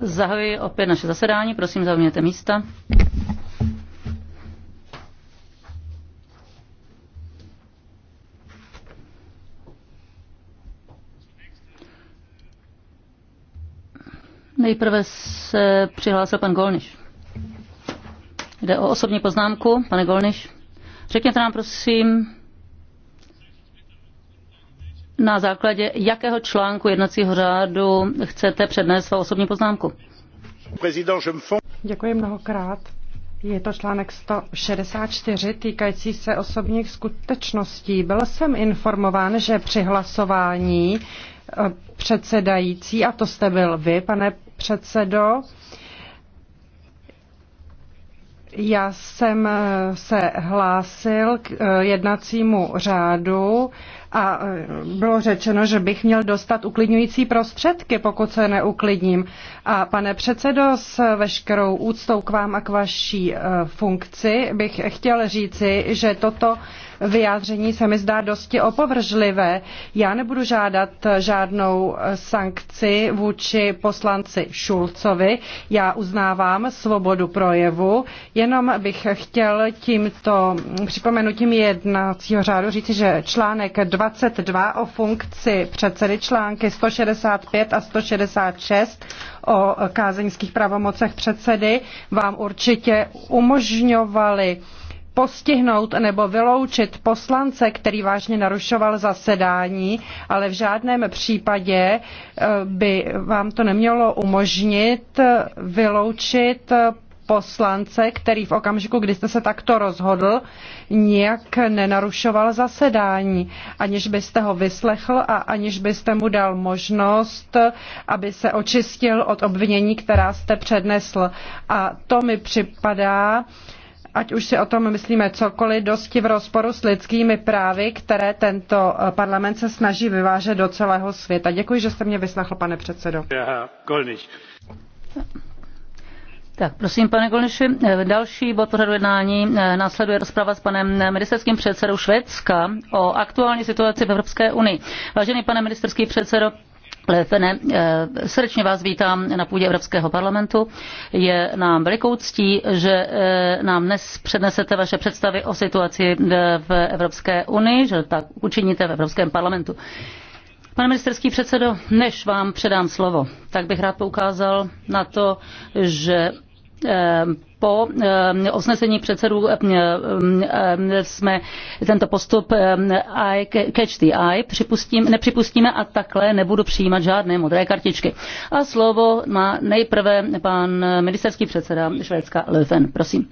Zahajuji opět naše zasedání, prosím zaujměte místa. Nejprve se přihlásil pan Golniš. Jde o osobní poznámku. Pane Golniš, řekněte nám prosím, na základě jakého článku jednacího řádu chcete přednést svou osobní poznámku? Děkuji mnohokrát. Je to článek 164 týkající se osobních skutečností. Byl jsem informován, že při hlasování eh, předsedající, a to jste byl vy, pane předsedo, já jsem eh, se hlásil k eh, jednacímu řádu a eh, bylo řečeno, že bych měl dostat uklidňující prostředky, pokud se neuklidním. A pane předsedo, s veškerou úctou k vám a k vaší funkci bych chtěl říci, že toto vyjádření se mi zdá dosti opovržlivé. Já nebudu žádat žádnou sankci vůči poslanci Šulcovi. Já uznávám svobodu projevu, jenom bych chtěl tímto připomenutím jednacího řádu říci, že článek 22 o funkci předsedy články 165 a 166 o kázeňských pravomocech předsedy vám určitě umožňovaly postihnout nebo vyloučit poslance, který vážně narušoval zasedání, ale v žádném případě eh, by vám to nemělo umožnit eh, vyloučit eh, poslance, který v okamžiku, kdy jste se takto rozhodl, nijak nenarušoval zasedání, aniž byste ho vyslechl a aniž byste mu dal možnost, aby se očistil od obvinění, která jste přednesl. A to mi připadá uh, ať už si o tom myslíme cokoliv, dosti v rozporu s lidskými právy, které tento eh, parlament se snaží vyvážet do celého světa. Děkuji, že jste mě vyslechl, pane předsedo. Tak, prosím, pane Golniši, eh, další bod pořadu jednání eh, následuje rozprava s panem ministerským předsedou Švédska o aktuální situaci v Evropské unii. Vážený pane ministerský předsedo, Eh, Fene, eh, srdečně vás vítám na půdě Evropského parlamentu. Je nám velikou ctí, že eh, nám dnes přednesete vaše představy o situaci v Evropské unii, že tak učiníte v Evropském parlamentu. Pane ministerský předsedo, než vám předám slovo, tak bych rád poukázal na to, že po osnesení eh, předsedů eh, eh, jsme tento postup catch the eye připustím, nepřipustíme a takhle nebudu přijímat žádné modré kartičky. A slovo má nejprve pan ministerský předseda Švédska Löfven. Prosím.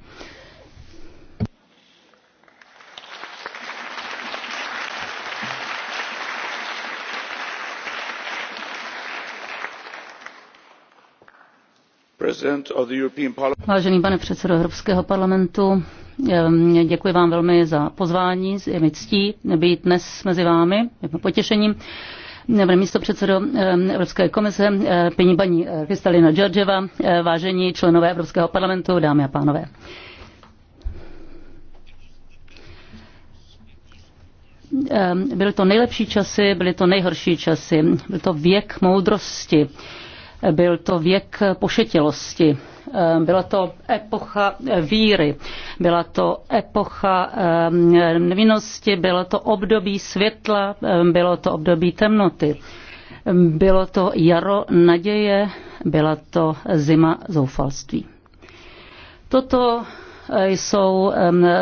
Vážený pane předsedo Evropského parlamentu, děkuji vám velmi za pozvání, je mi ctí být dnes mezi vámi, je potěšením pane místo předsedo Evropské komise, paní paní eh, Kristalina Georgieva, eh, vážení členové Evropského parlamentu, dámy a pánové. Byly to nejlepší časy, byly to nejhorší časy, byl to věk moudrosti byl to věk pošetilosti, eh, byla to epocha eh, víry, byla to epocha eh, nevinnosti, bylo to období světla, bylo to období temnoty. Bylo to jaro naděje, byla to zima zoufalství. Toto jsou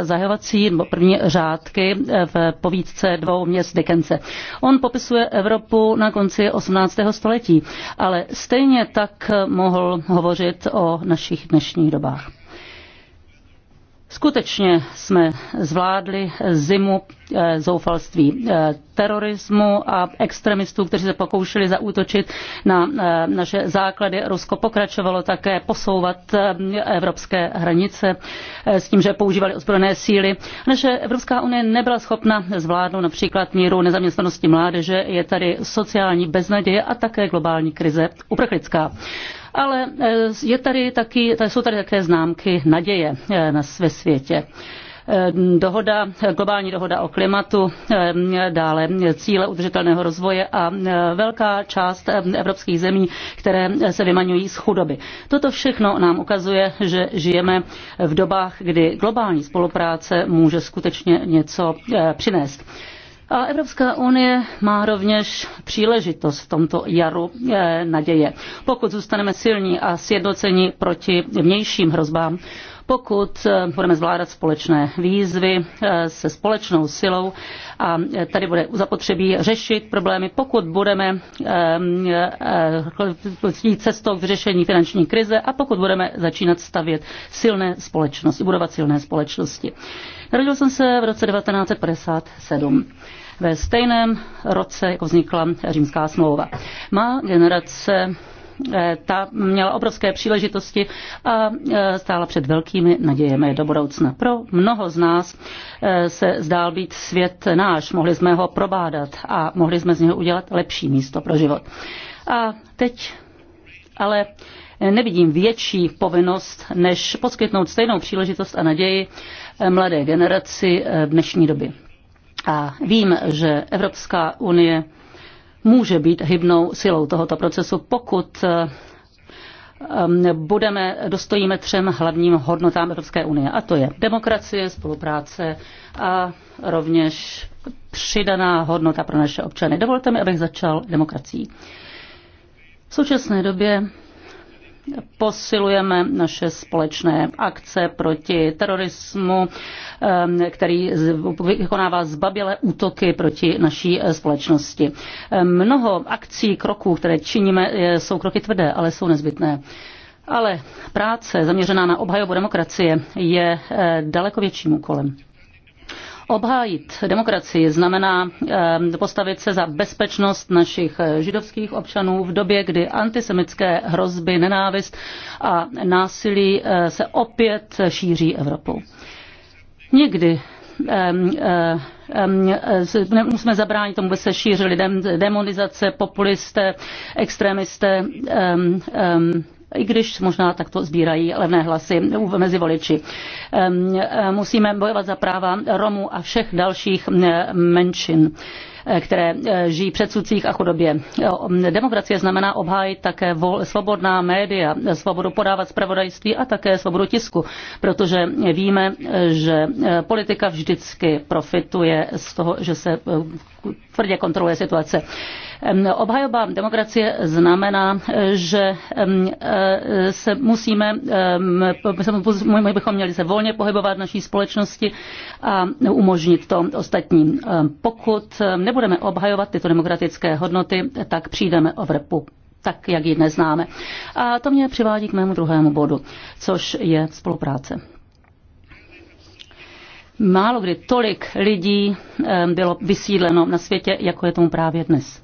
zahajovací nebo první řádky eh, v povídce dvou měst Dickense. On popisuje Evropu na konci 18. století, ale stejně tak mohl hovořit o našich dnešních dobách. Skutečně jsme zvládli zimu eh, zoufalství eh, terorismu a extremistů, kteří se pokoušeli zaútočit na eh, naše základy. Rusko pokračovalo také posouvat evropské hranice s tím, že používali ozbrojené síly. Naše Evropská unie nebyla schopna zvládnout například míru nezaměstnanosti mládeže. Je tady sociální beznaděje a také globální krize uprchlická ale eh, je tady taky, jsou tady také známky naděje eh, ve světě eh, dohoda, globální dohoda o klimatu, dále cíle udržitelného rozvoje a velká část evropských zemí, které se vymaňují z chudoby. Toto všechno nám ukazuje, že žijeme v dobách, kdy globální spolupráce může skutečně něco přinést. A Evropská unie má rovněž příležitost v tomto jaru eh, naděje. Pokud zůstaneme silní a sjednocení proti vnějším hrozbám, pokud eh, budeme zvládat společné výzvy eh, se společnou silou a tady bude zapotřebí řešit problémy, pokud budeme jít cestou k řešení finanční krize a pokud budeme začínat stavět silné společnosti, budovat silné společnosti. Narodil jsem se v roce 1957 ve stejném roce, jako vznikla římská smlouva. Má generace eh, ta měla obrovské příležitosti a eh, stála před velkými nadějemi do budoucna. Pro mnoho z nás eh, se zdál být svět náš, mohli jsme ho probádat a mohli jsme z něho udělat lepší místo pro život. A teď ale nevidím větší povinnost, než poskytnout stejnou příležitost a naději mladé generaci v dnešní době. A vím, že Evropská unie může být hybnou silou tohoto procesu, pokud um, budeme, dostojíme třem hlavním hodnotám Evropské unie, a to je demokracie, spolupráce a rovněž přidaná hodnota pro naše občany. Dovolte mi, abych začal demokracií. V současné době posilujeme naše společné akce proti terorismu, který vykonává zbabělé útoky proti naší eh, společnosti. Mnoho akcí, kroků, které činíme, jsou kroky tvrdé, ale jsou nezbytné. Ale práce zaměřená na obhajobu demokracie je eh, daleko větším úkolem. Obhájit demokracii znamená eh, postavit se za bezpečnost našich eh, židovských občanů v době, kdy antisemické hrozby, nenávist a násilí eh, se opět šíří Evropou. Někdy musíme zabránit tomu, aby se šířili demonizace, populisté, extremisté, i když možná takto sbírají levné hlasy mezi voliči. Musíme bojovat za práva Romů a všech dalších menšin eh, které eh, žijí v předsudcích a chudobě. Eh, demokracie znamená obhájit také svobodná média, svobodu podávat zpravodajství a také svobodu tisku, protože víme, že politika vždycky profituje z toho, že se tvrdě kontroluje situace. Obhajoba demokracie znamená, že e, se musíme, my bychom měli se volně pohybovat v naší společnosti a umožnit to ostatním. Pokud nebudeme obhajovat tyto demokratické hodnoty, tak přijdeme o vrpu tak, jak ji dnes známe. A to mě přivádí k mému druhému bodu, což je spolupráce. Málo kdy tolik lidí bylo vysídleno na světě, jako je tomu právě dnes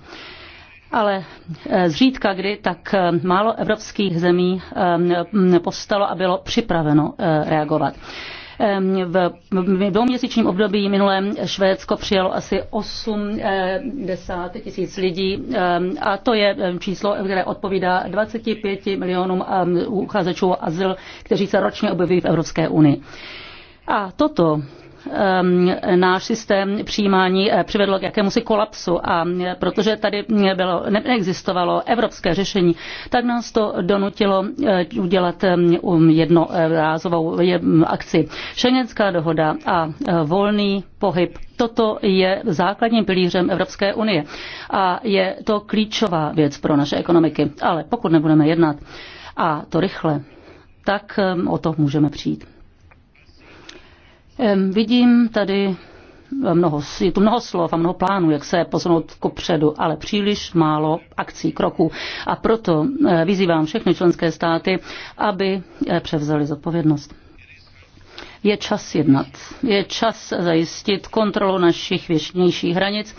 ale eh, zřídka kdy tak eh, málo evropských zemí eh, postalo a bylo připraveno reagovat. V dvouměsíčním období minulém Švédsko přijalo asi 80 tisíc lidí a to je číslo, které odpovídá 25 milionům uchazečů o azyl, kteří se ročně objevují v Evropské unii. A toto Ehm, náš systém přijímání eh, přivedlo k jakémusi kolapsu a eh, protože tady bylo, neexistovalo evropské řešení, tak nás to donutilo eh, udělat ehm, um, jednorázovou mm, akci. Šengenská dohoda a volný pohyb. Toto je základním pilířem Evropské unie a je to klíčová věc pro naše ekonomiky. Ale pokud nebudeme jednat, a to rychle, tak ehm, o to můžeme přijít. Vidím tady eh, mnoho, je tu mnoho slov a mnoho plánů, jak se posunout kopředu, ale příliš málo akcí, kroků. A proto eh, vyzývám všechny členské státy, aby eh, převzali zodpovědnost. Je čas jednat. Je čas zajistit kontrolu našich věčnějších hranic,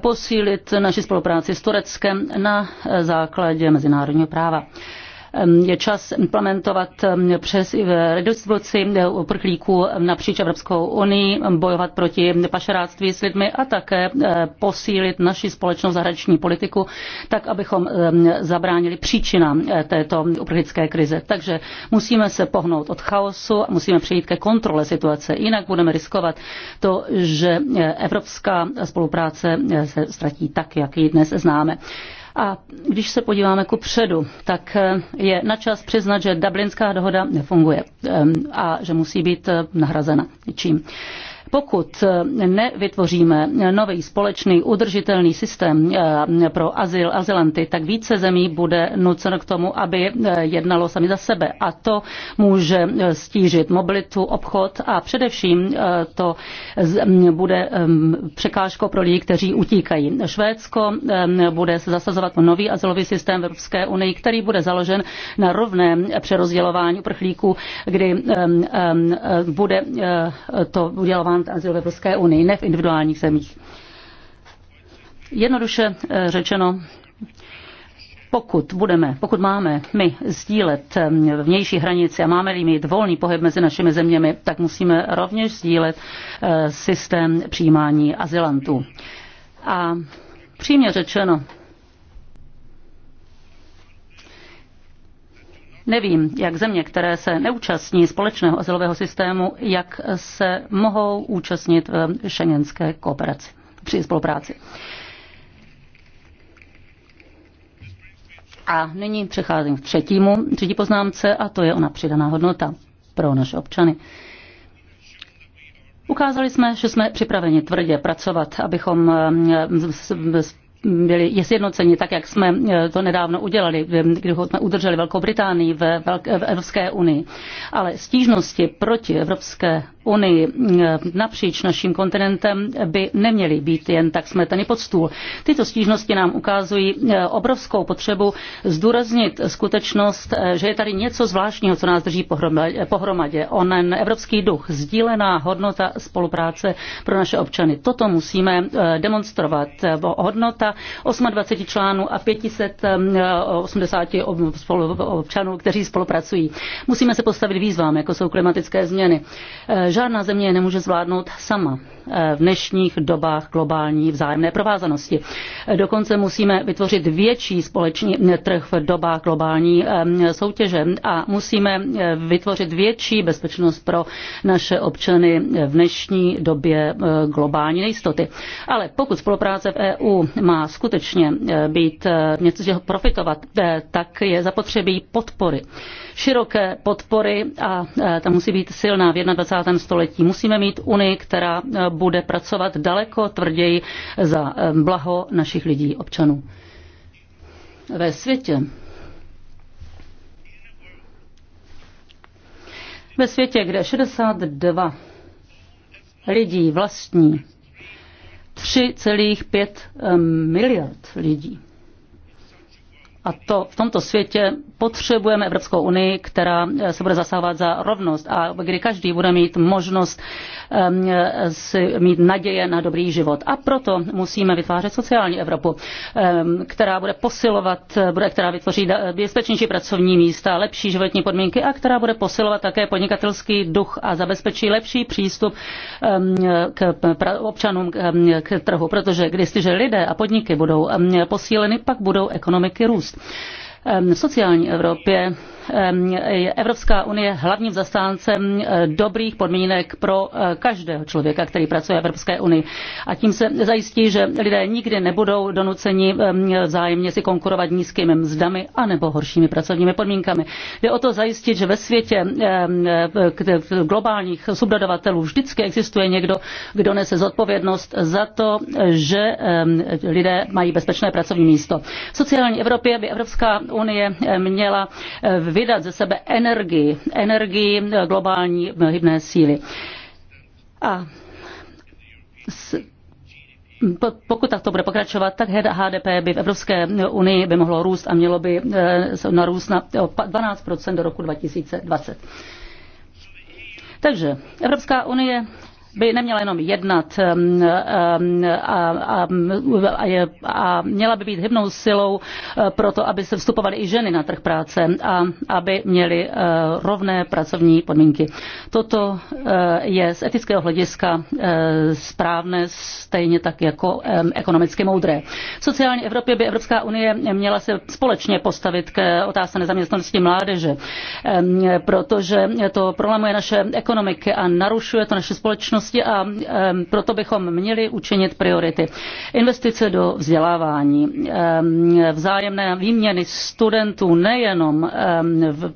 posílit naši spolupráci s Tureckem na základě mezinárodního práva. Ehm, je čas implementovat ehm, přes eh, redistribuci eh, uprchlíků ehm, napříč Evropskou unii, bojovat proti pašeráctví s lidmi a také eh, posílit naši společnou zahraniční politiku, tak abychom zabránili příčinám této uprchlické krize. Takže musíme se pohnout od chaosu, musíme přejít ke kontrole situace, jinak budeme riskovat to, že evropská spolupráce se ztratí tak, jak ji dnes známe. A když se podíváme ku předu, tak eh, je na čas přiznat, že Dublinská dohoda nefunguje eh, a že musí být eh, nahrazena něčím. Pokud eh, nevytvoříme nový společný udržitelný systém eh, pro azyl, azylanty, tak více zemí bude nuceno k tomu, aby eh, jednalo sami za sebe. A to může stížit mobilitu, obchod a především to bude překážkou pro lidi, kteří utíkají. Švédsko bude se zasazovat o nový azylový systém v Evropské unii, který bude založen na rovném přerozdělování uprchlíků, kdy bude to udělován migrant azyl v Evropské unii, ne v individuálních zemích. Jednoduše eh, řečeno, pokud budeme, pokud máme my sdílet eh, vnější hranici a máme-li mít volný pohyb mezi našimi zeměmi, tak musíme rovněž sdílet eh, systém přijímání azylantů. A přímě řečeno, Nevím, jak země, které se neúčastní společného azylového systému, jak se mohou účastnit v eh, šengenské kooperaci, při spolupráci. A nyní přecházím k třetímu, třetí poznámce, a to je ona přidaná hodnota pro naše občany. Ukázali jsme, že jsme připraveni tvrdě pracovat, abychom eh, byli sjednoceni, tak jak jsme eh, to nedávno udělali, když jsme udrželi Velkou Británii v, v Evropské unii. Ale stížnosti proti Evropské unii eh, napříč naším kontinentem by neměly být jen tak smeteny pod stůl. Tyto stížnosti nám ukazují eh, obrovskou potřebu zdůraznit skutečnost, eh, že je tady něco zvláštního, co nás drží pohromadě. Onen evropský duch, sdílená hodnota spolupráce pro naše občany. Toto musíme demonstrovat. Hodnota 28 článů a 580 občanů, kteří spolupracují. Musíme se postavit výzvám, jako jsou klimatické změny žádná země je nemůže zvládnout sama. Eh, v dnešních dobách globální vzájemné provázanosti. Eh, dokonce musíme vytvořit větší společný trh v dobách globální eh, soutěže a musíme vytvořit větší bezpečnost pro naše občany v dnešní době globální nejistoty. Ale pokud spolupráce v EU má skutečně být něco, čeho profitovat, tak je zapotřebí podpory. Široké podpory a ta musí být silná v 21. století. Musíme mít Unii, která bude pracovat daleko tvrději za eh, blaho našich lidí, občanů. Ve světě Ve světě, kde 62 lidí vlastní 3,5 eh, miliard lidí. A to v tomto světě potřebujeme Evropskou unii, která eh, se bude zasávat za rovnost a kdy každý bude mít možnost um, si mít naděje na dobrý život. A proto musíme vytvářet sociální Evropu, um, která bude posilovat, eh, bude, která vytvoří bezpečnější pracovní místa, lepší životní podmínky a která bude posilovat také podnikatelský duch a zabezpečí lepší přístup um, k pra, občanům k, k trhu. Protože když lidé a podniky budou um, posíleny, pak budou ekonomiky růst. V sociální Evropě Evropská unie hlavním zastáncem eh, dobrých podmínek pro eh, každého člověka, který pracuje v Evropské unii. A tím se zajistí, že lidé nikdy nebudou donuceni vzájemně si konkurovat nízkými mzdami anebo horšími pracovními podmínkami. Jde o to zajistit, že ve světě eh, globálních subdodavatelů vždycky existuje někdo, kdo nese zodpovědnost za to, že lidé mají bezpečné pracovní místo. V sociální Evropě by Evropská unie měla vydat ze sebe energii, energii globální hybné síly. A s, pokud takto bude pokračovat, tak HDP by v Evropské unii by mohlo růst a mělo by narůst eh, na 12 do roku 2020. Takže Evropská unie by neměla jenom jednat um, um, a, a, a, a měla by být hybnou silou uh, pro to, aby se vstupovaly i ženy na trh práce a aby měly uh, rovné pracovní podmínky. Toto uh, je z etického hlediska správné, stejně tak jako um, ekonomicky moudré. V sociální Evropě by Evropská unie měla se společně postavit k otázce nezaměstnanosti mládeže, protože to prolamuje naše ekonomiky a narušuje to naše společnost budoucnosti a proto bychom měli učinit priority. Investice do vzdělávání, vzájemné výměny studentů nejenom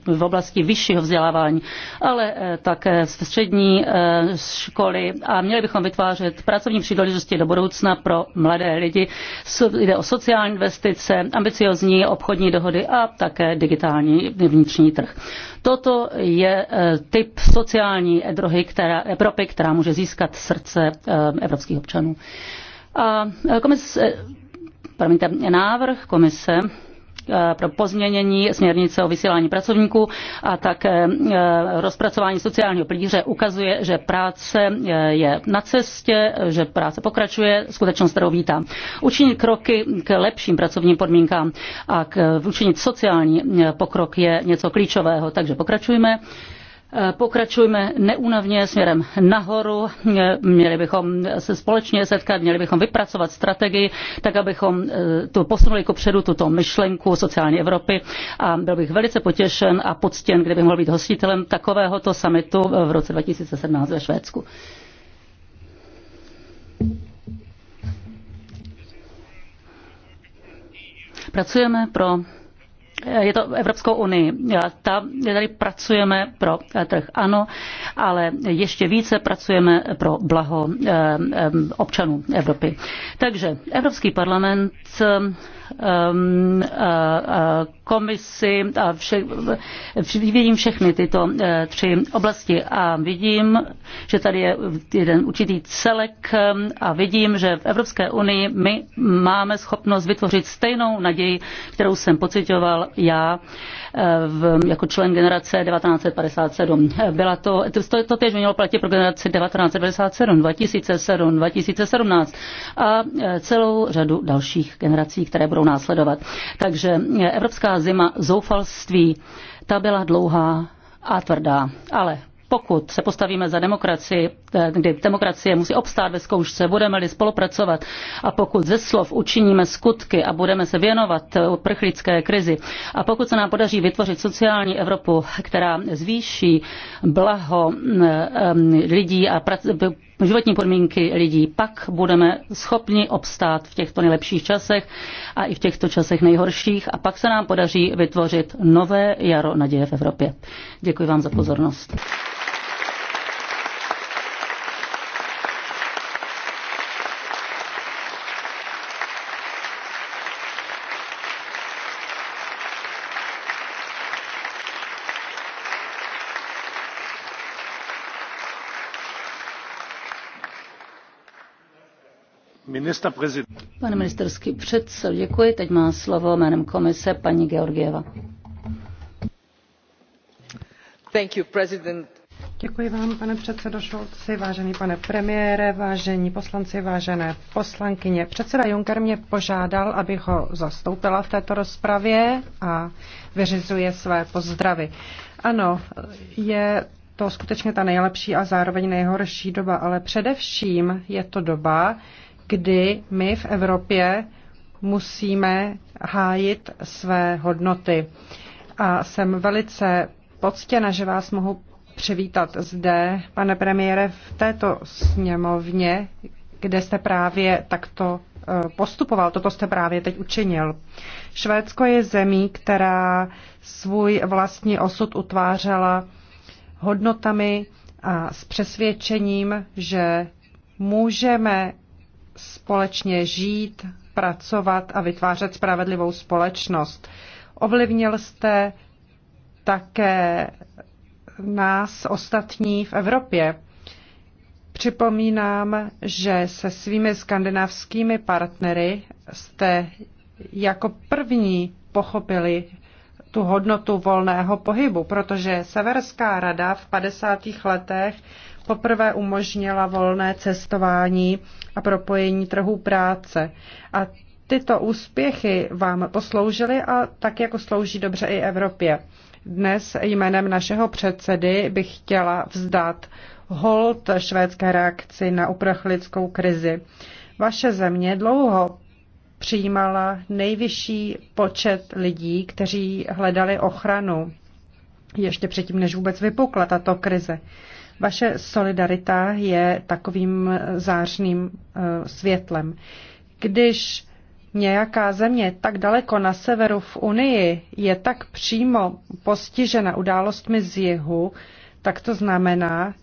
v oblasti vyššího vzdělávání, ale eh, také střední eh, školy a měli bychom vytvářet pracovní příležitosti do budoucna pro mladé lidi. Jde o sociální investice, ambiciozní obchodní dohody a také digitální vnitřní trh. Toto je eh, typ sociální drohy která, Evropy, která může získat srdce eh, evropských občanů. A eh, komise, promiňte, návrh komise Eh, pro pozměnění směrnice o vysílání pracovníků a tak eh, rozpracování sociálního pilíře ukazuje, že práce eh, je na cestě, že práce pokračuje, skutečnost, kterou vítám. Učinit kroky k lepším pracovním podmínkám a k učinit sociální pokrok je něco klíčového, takže pokračujeme. Pokračujme neúnavně směrem nahoru. Měli bychom se společně setkat, měli bychom vypracovat strategii, tak abychom eh, tu posunuli ku předu tuto myšlenku sociální Evropy. A byl bych velice potěšen a poctěn, kdybych mohl být hostitelem takovéhoto summitu v roce 2017 ve Švédsku. Pracujeme pro je to Evropskou unii. Ta, tady pracujeme pro eh, trh, ano, ale ještě více pracujeme pro blaho eh, eh, občanů Evropy. Takže Evropský parlament ehm, komisi a vše, vidím všechny tyto tři oblasti a vidím, že tady je jeden určitý celek ehm, a vidím, že v Evropské unii my máme schopnost vytvořit stejnou naději, kterou jsem pocitoval já eh, v, jako člen generace 1957. Byla to, to, to tež mělo platit pro generaci 1997, 2007, 2017 a eh, celou řadu dalších generací, které budou následovat. Takže eh, evropská zima zoufalství, ta byla dlouhá a tvrdá, ale pokud se postavíme za demokracii, eh, kdy demokracie musí obstát ve zkoušce, budeme-li spolupracovat a pokud ze slov učiníme skutky a budeme se věnovat eh, prchlické krizi a pokud se nám podaří vytvořit sociální Evropu, která zvýší blaho mm, eh, mm, lidí a životní podmínky lidí, pak budeme schopni obstát v těchto nejlepších časech a i v těchto časech nejhorších a pak se nám podaří vytvořit nové jaro naděje v Evropě. Děkuji vám za pozornost. Pane ministerský předsel, děkuji. Teď má slovo jménem komise paní Georgieva. Thank you, president. Děkuji vám, pane předsedo Šolci, vážený pane premiére, vážení poslanci, vážené poslankyně. Předseda Juncker mě požádal, abych ho zastoupila v této rozpravě a vyřizuje své pozdravy. Ano, je to skutečně ta nejlepší a zároveň nejhorší doba, ale především je to doba, kdy my v Evropě musíme hájit své hodnoty. A jsem velice poctěna, že vás mohu přivítat zde, pane premiére, v této sněmovně, kde jste právě takto eh, postupoval. Toto jste právě teď učinil. Švédsko je zemí, která svůj vlastní osud utvářela hodnotami a s přesvědčením, že můžeme společně žít, pracovat a vytvářet spravedlivou společnost. Ovlivnil jste také nás ostatní v Evropě. Připomínám, že se svými skandinávskými partnery jste jako první pochopili tu hodnotu volného pohybu, protože Severská rada v 50. letech poprvé umožnila volné cestování a propojení trhů práce. A tyto úspěchy vám posloužily a tak jako slouží dobře i Evropě. Dnes jménem našeho předsedy bych chtěla vzdát hold švédské reakci na uprchlickou krizi. Vaše země dlouho přijímala nejvyšší počet lidí, kteří hledali ochranu ještě předtím, než vůbec vypukla tato krize. Vaše solidarita je takovým zářným eh, světlem. Když nějaká země tak daleko na severu v Unii je tak přímo postižena událostmi z jihu, tak to znamená,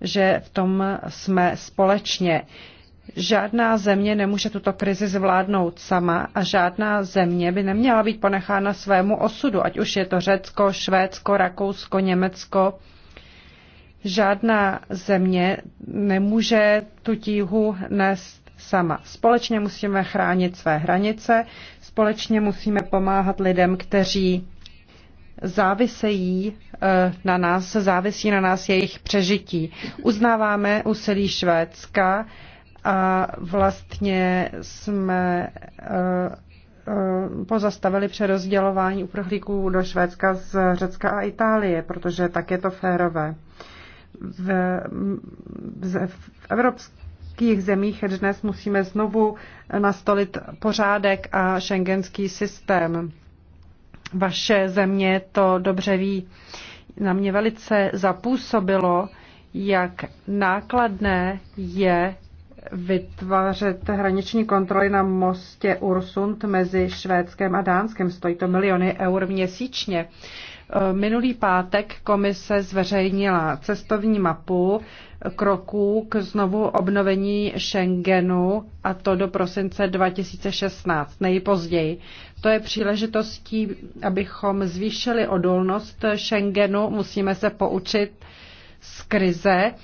že v tom jsme společně. Žádná země nemůže tuto krizi zvládnout sama a žádná země by neměla být ponechána svému osudu, ať už je to Řecko, Švédsko, Rakousko, Německo. Žádná země nemůže tu tíhu nést sama. Společně musíme chránit své hranice, společně musíme pomáhat lidem, kteří závisejí eh, na nás, závisí na nás jejich přežití. Uznáváme úsilí Švédska, a vlastně jsme eh, eh, pozastavili přerozdělování uprchlíků do Švédska z Řecka a Itálie, protože tak je to férové. V, v, evropských zemích dnes musíme znovu nastolit pořádek a šengenský systém. Vaše země to dobře ví. Na mě velice zapůsobilo, jak nákladné je vytvářet hraniční kontroly na mostě Ursund mezi Švédskem a Dánskem. Stojí to miliony eur měsíčně. E, minulý pátek komise zveřejnila cestovní mapu kroků k znovu obnovení Schengenu a to do prosince 2016 nejpozději. To je příležitostí, abychom zvýšili odolnost Schengenu. Musíme se poučit z krize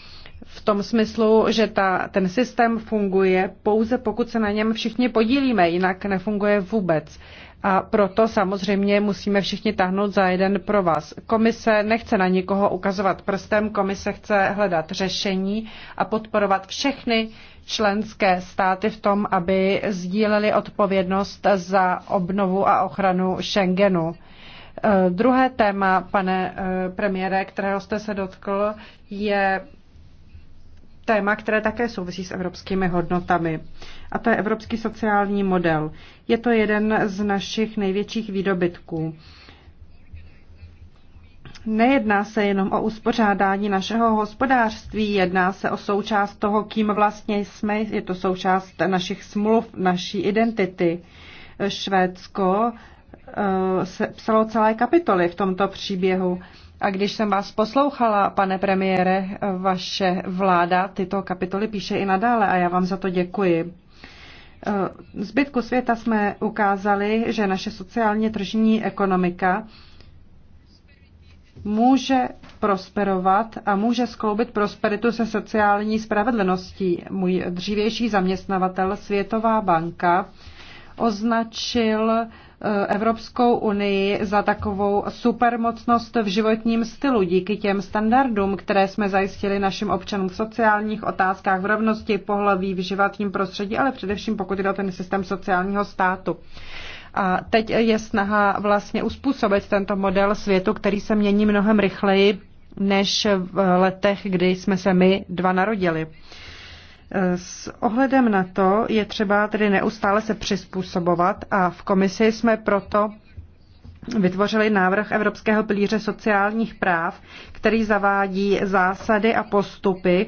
v tom smyslu, že ta, ten systém funguje pouze pokud se na něm všichni podílíme, jinak nefunguje vůbec. A proto samozřejmě musíme všichni tahnout za jeden pro vás. Komise nechce na nikoho ukazovat prstem, komise chce hledat řešení a podporovat všechny členské státy v tom, aby sdíleli odpovědnost za obnovu a ochranu Schengenu. Eh, druhé téma, pane eh, premiére, kterého jste se dotkl, je téma, které také souvisí s evropskými hodnotami. A to je evropský sociální model. Je to jeden z našich největších výdobytků. Nejedná se jenom o uspořádání našeho hospodářství, jedná se o součást toho, kým vlastně jsme, je to součást našich smluv, naší identity. Švédsko eh, se psalo celé kapitoly v tomto příběhu. A když jsem vás poslouchala, pane premiére, vaše vláda tyto kapitoly píše i nadále a já vám za to děkuji. Eh, zbytku světa jsme ukázali, že naše sociálně tržní ekonomika může prosperovat a může skloubit prosperitu se sociální spravedlností. Můj dřívější zaměstnavatel, Světová banka, označil Evropskou unii za takovou supermocnost v životním stylu díky těm standardům, které jsme zajistili našim občanům v sociálních otázkách, v rovnosti pohlaví, v životním prostředí, ale především pokud jde o ten systém sociálního státu. A teď je snaha vlastně uspůsobit tento model světu, který se mění mnohem rychleji než v letech, kdy jsme se my dva narodili. S ohledem na to je třeba tedy neustále se přizpůsobovat a v komisi jsme proto vytvořili návrh Evropského pilíře sociálních práv, který zavádí zásady a postupy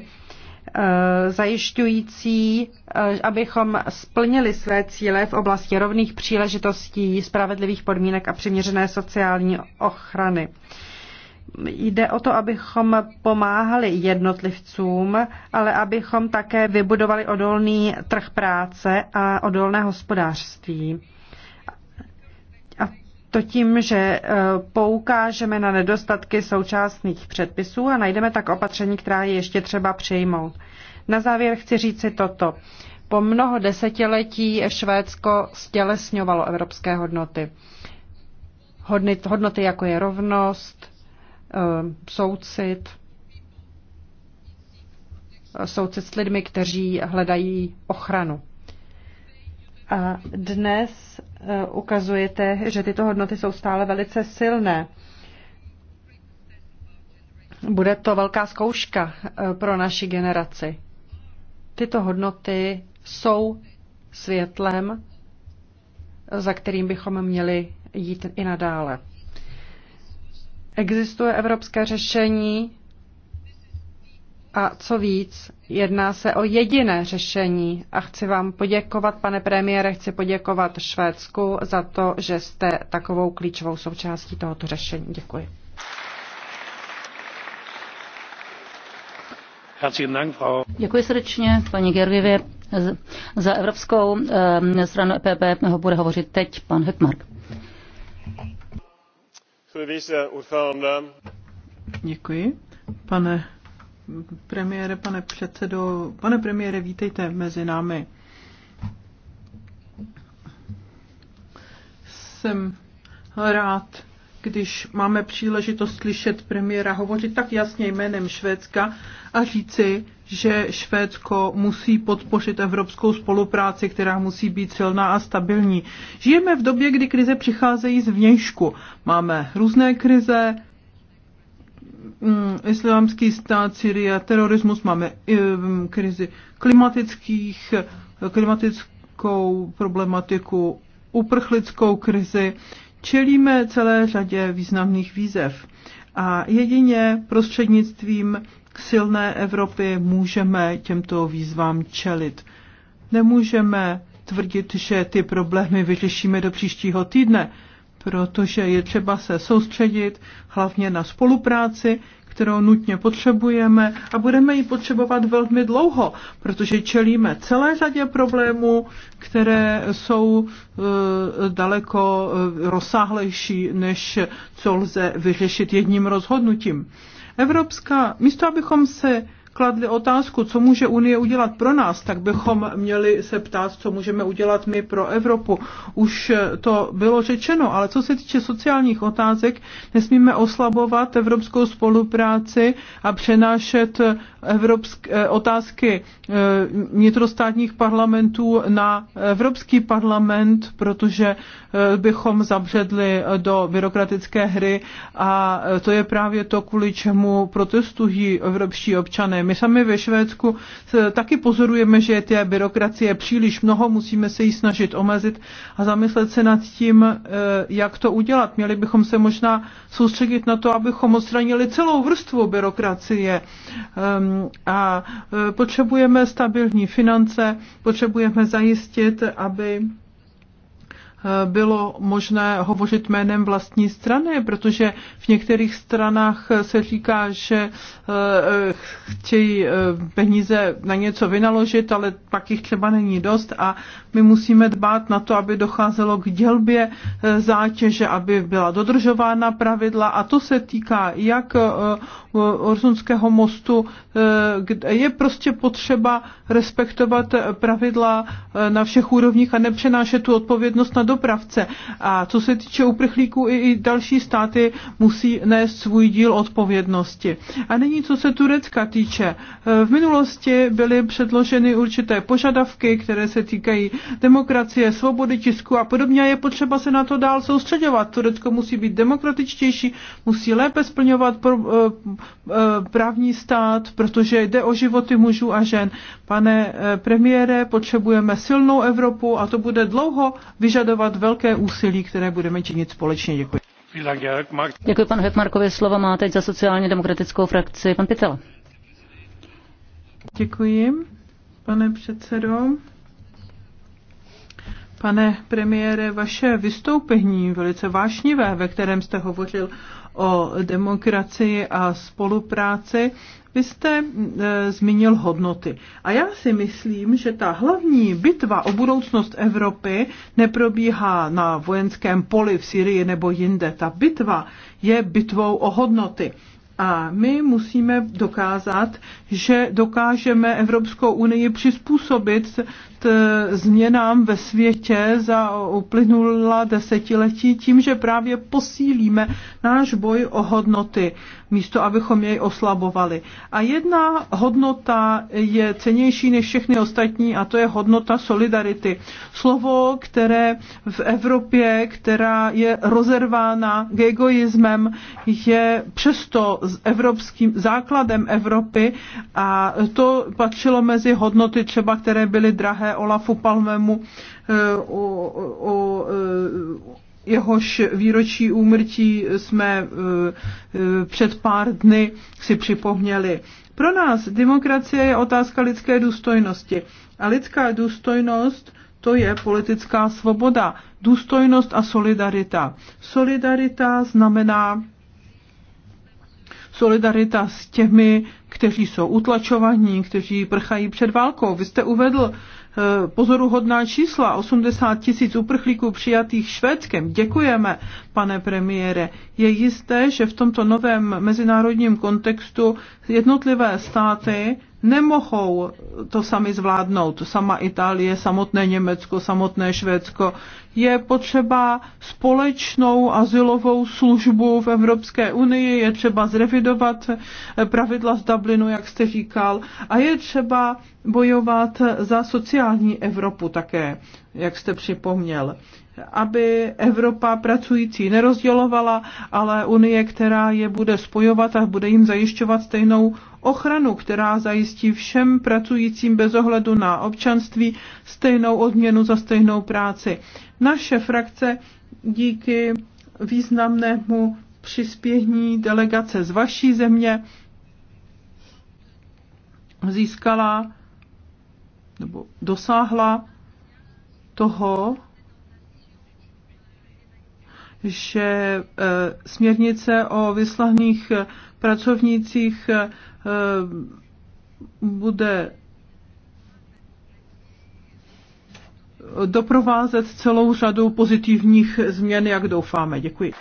e, zajišťující, e, abychom splnili své cíle v oblasti rovných příležitostí, spravedlivých podmínek a přiměřené sociální ochrany jde o to, abychom pomáhali jednotlivcům, ale abychom také vybudovali odolný trh práce a odolné hospodářství. A to tím, že e, poukážeme na nedostatky současných předpisů a najdeme tak opatření, která je ještě třeba přijmout. Na závěr chci říci toto. Po mnoho desetiletí Švédsko stělesňovalo evropské hodnoty. Hodnoty jako je rovnost, Eh, soucit, soucit s lidmi, kteří hledají ochranu. A dnes eh, ukazujete, že tyto hodnoty jsou stále velice silné. Bude to velká zkouška eh, pro naši generaci. Tyto hodnoty jsou světlem, za kterým bychom měli jít i nadále. Existuje evropské řešení a co víc, jedná se o jediné řešení. A chci vám poděkovat, pane premiére, chci poděkovat Švédsku za to, že jste takovou klíčovou součástí tohoto řešení. Děkuji. Děkuji srdečně, paní Gervivě. Za Evropskou eh, stranu EPP ho bude hovořit teď pan Hetmark. Děkuji. Pane premiére, pane předsedo, pane premiére, vítejte mezi námi. Jsem rád, když máme příležitost slyšet premiéra hovořit tak jasně jménem Švédska a říci, že Švédsko musí podpořit evropskou spolupráci, která musí být silná a stabilní. Žijeme v době, kdy krize přicházejí z vnějšku. Máme různé krize, mm, islámský stát, Syrie, terorismus, máme mm, krizi klimatických, klimatickou problematiku, uprchlickou krizi. Čelíme celé řadě významných výzev a jedině prostřednictvím silné Evropy můžeme těmto výzvám čelit. Nemůžeme tvrdit, že ty problémy vyřešíme do příštího týdne, protože je třeba se soustředit hlavně na spolupráci, kterou nutně potřebujeme a budeme ji potřebovat velmi dlouho, protože čelíme celé řadě problémů, které jsou e, daleko e, rozsáhlejší, než co lze vyřešit jedním rozhodnutím. Evropská, místo abychom se kladli otázku, co může Unie udělat pro nás, tak bychom měli se ptát, co můžeme udělat my pro Evropu. Už to bylo řečeno, ale co se týče sociálních otázek, nesmíme oslabovat evropskou spolupráci a přenášet evropské eh, otázky eh, vnitrostátních parlamentů na Evropský parlament, protože eh, bychom zabředli do byrokratické hry a to je právě to, kvůli čemu protestují evropští občané. My sami ve Švédsku eh, taky pozorujeme, že té byrokracie příliš mnoho, musíme se ji snažit omezit a zamyslet se nad tím, eh, jak to udělat. Měli bychom se možná soustředit na to, abychom odstranili celou vrstvu byrokracie. Ehm, a eh, potřebujeme stabilní finance, potřebujeme zajistit, aby bylo možné hovořit jménem vlastní strany, protože v některých stranách se říká, že eh, chtějí eh, peníze na něco vynaložit, ale pak jich třeba není dost a my musíme dbát na to, aby docházelo k dělbě eh, zátěže, aby byla dodržována pravidla a to se týká jak Orzunského mostu, kde je prostě potřeba respektovat pravidla na všech úrovních a nepřenášet tu odpovědnost na dobu dopravce. A co se týče uprchlíků, i další státy musí nést svůj díl odpovědnosti. A nyní, co se Turecka týče. E, v minulosti byly předloženy určité požadavky, které se týkají demokracie, svobody tisku a podobně. Je potřeba se na to dál soustředovat. Turecko musí být demokratičtější, musí lépe splňovat e, e, právní stát, protože jde o životy mužů a žen. Pane premiére, potřebujeme silnou Evropu a to bude dlouho vyžadovat sledovat velké úsilí, které budeme činit společně. Děkuji. Děkuji panu Hetmarkovi. Slovo má teď za sociálně demokratickou frakci pan Pitel. Děkuji, pane předsedo. Pane premiére, vaše vystoupení velice vášnivé, ve kterém jste hovořil o demokracii a spolupráci, vy jste e, zmínil hodnoty. A já si myslím, že ta hlavní bitva o budoucnost Evropy neprobíhá na vojenském poli v Syrii nebo jinde. Ta bitva je bitvou o hodnoty. A my musíme dokázat, že dokážeme Evropskou unii přizpůsobit Eh, změnám ve světě za uplynulá desetiletí tím, že právě posílíme náš boj o hodnoty, místo abychom jej oslabovali. A jedna hodnota je cenější než všechny ostatní a to je hodnota solidarity. Slovo, které v Evropě, která je rozervána k egoismem, je přesto s evropským základem Evropy a to patřilo mezi hodnoty třeba, které byly drahé Olafu Palmemu eh, o, o, o eh, jehož výročí úmrtí jsme eh, před pár dny si připomněli. Pro nás demokracie je otázka lidské důstojnosti. A lidská důstojnost to je politická svoboda, důstojnost a solidarita. Solidarita znamená solidarita s těmi, kteří jsou utlačovaní, kteří prchají před válkou. Vy jste uvedl Eh, pozoruhodná čísla, 80 tisíc uprchlíků přijatých Švédskem. Děkujeme, pane premiére. Je jisté, že v tomto novém mezinárodním kontextu jednotlivé státy nemohou to sami zvládnout. Sama Itálie, samotné Německo, samotné Švédsko. Je potřeba společnou asilovou službu v Evropské unii, je třeba zrevidovat pravidla z Dublinu, jak jste říkal, a je třeba bojovat za sociální Evropu také, jak jste připomněl aby Evropa pracující nerozdělovala, ale Unie, která je bude spojovat a bude jim zajišťovat stejnou ochranu, která zajistí všem pracujícím bez ohledu na občanství stejnou odměnu za stejnou práci. Naše frakce díky významnému přispění delegace z vaší země získala nebo dosáhla toho, že eh, směrnice o vyslaných eh, pracovnících eh, bude doprovázet celou řadu pozitivních změn, jak doufáme. Děkuji.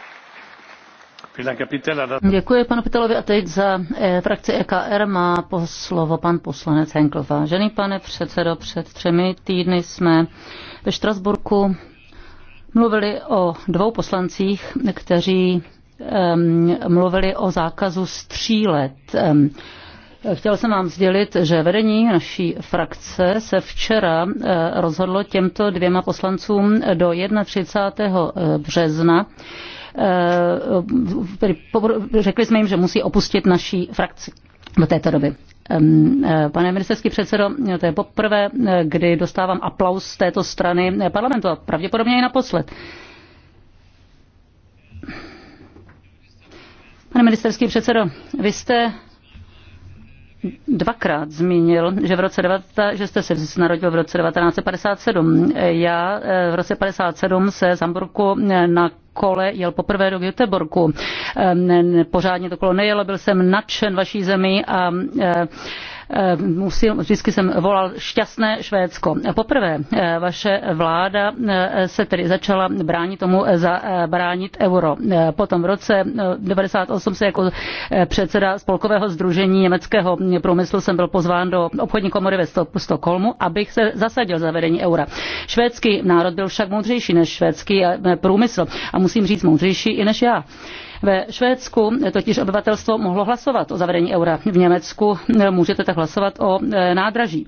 Děkuji panu Pitelovi a teď za frakci EKR má slovo pan poslanec Henkel. Vážený pane předsedo, před třemi týdny jsme ve Štrasburku mluvili o dvou poslancích, kteří um, mluvili o zákazu střílet. Um, Chtěl jsem vám sdělit, že vedení naší frakce se včera eh, rozhodlo těmto dvěma poslancům do 31. Eh, března eh, řekli jsme jim, že musí opustit naší frakci do této doby. Eh, pane ministerský předsedo, to je poprvé, eh, kdy dostávám aplaus z této strany eh, parlamentu a pravděpodobně i naposled. Pane ministerský předsedo, vy jste dvakrát zmínil, že, v roce 19, že jste se narodil v roce 1957. Já eh, v roce 1957 se z Hamburgu eh, na kole jel poprvé do Göteborgu. Eh, pořádně to kolo nejelo, byl jsem nadšen vaší zemí a Eh, musím, vždycky jsem volal šťastné Švédsko. Poprvé eh, vaše vláda eh, se tedy začala bránit tomu zabránit euro. Potom v roce 1998 se jako předseda spolkového združení německého průmyslu jsem byl pozván do obchodní komory ve Stockholmu, abych se zasadil za vedení eura. Švédský národ byl však moudřejší než švédský průmysl a musím říct moudřejší i než já. Ve Švédsku totiž obyvatelstvo mohlo hlasovat o zavedení eura. V Německu eh, můžete tak hlasovat o eh, nádraží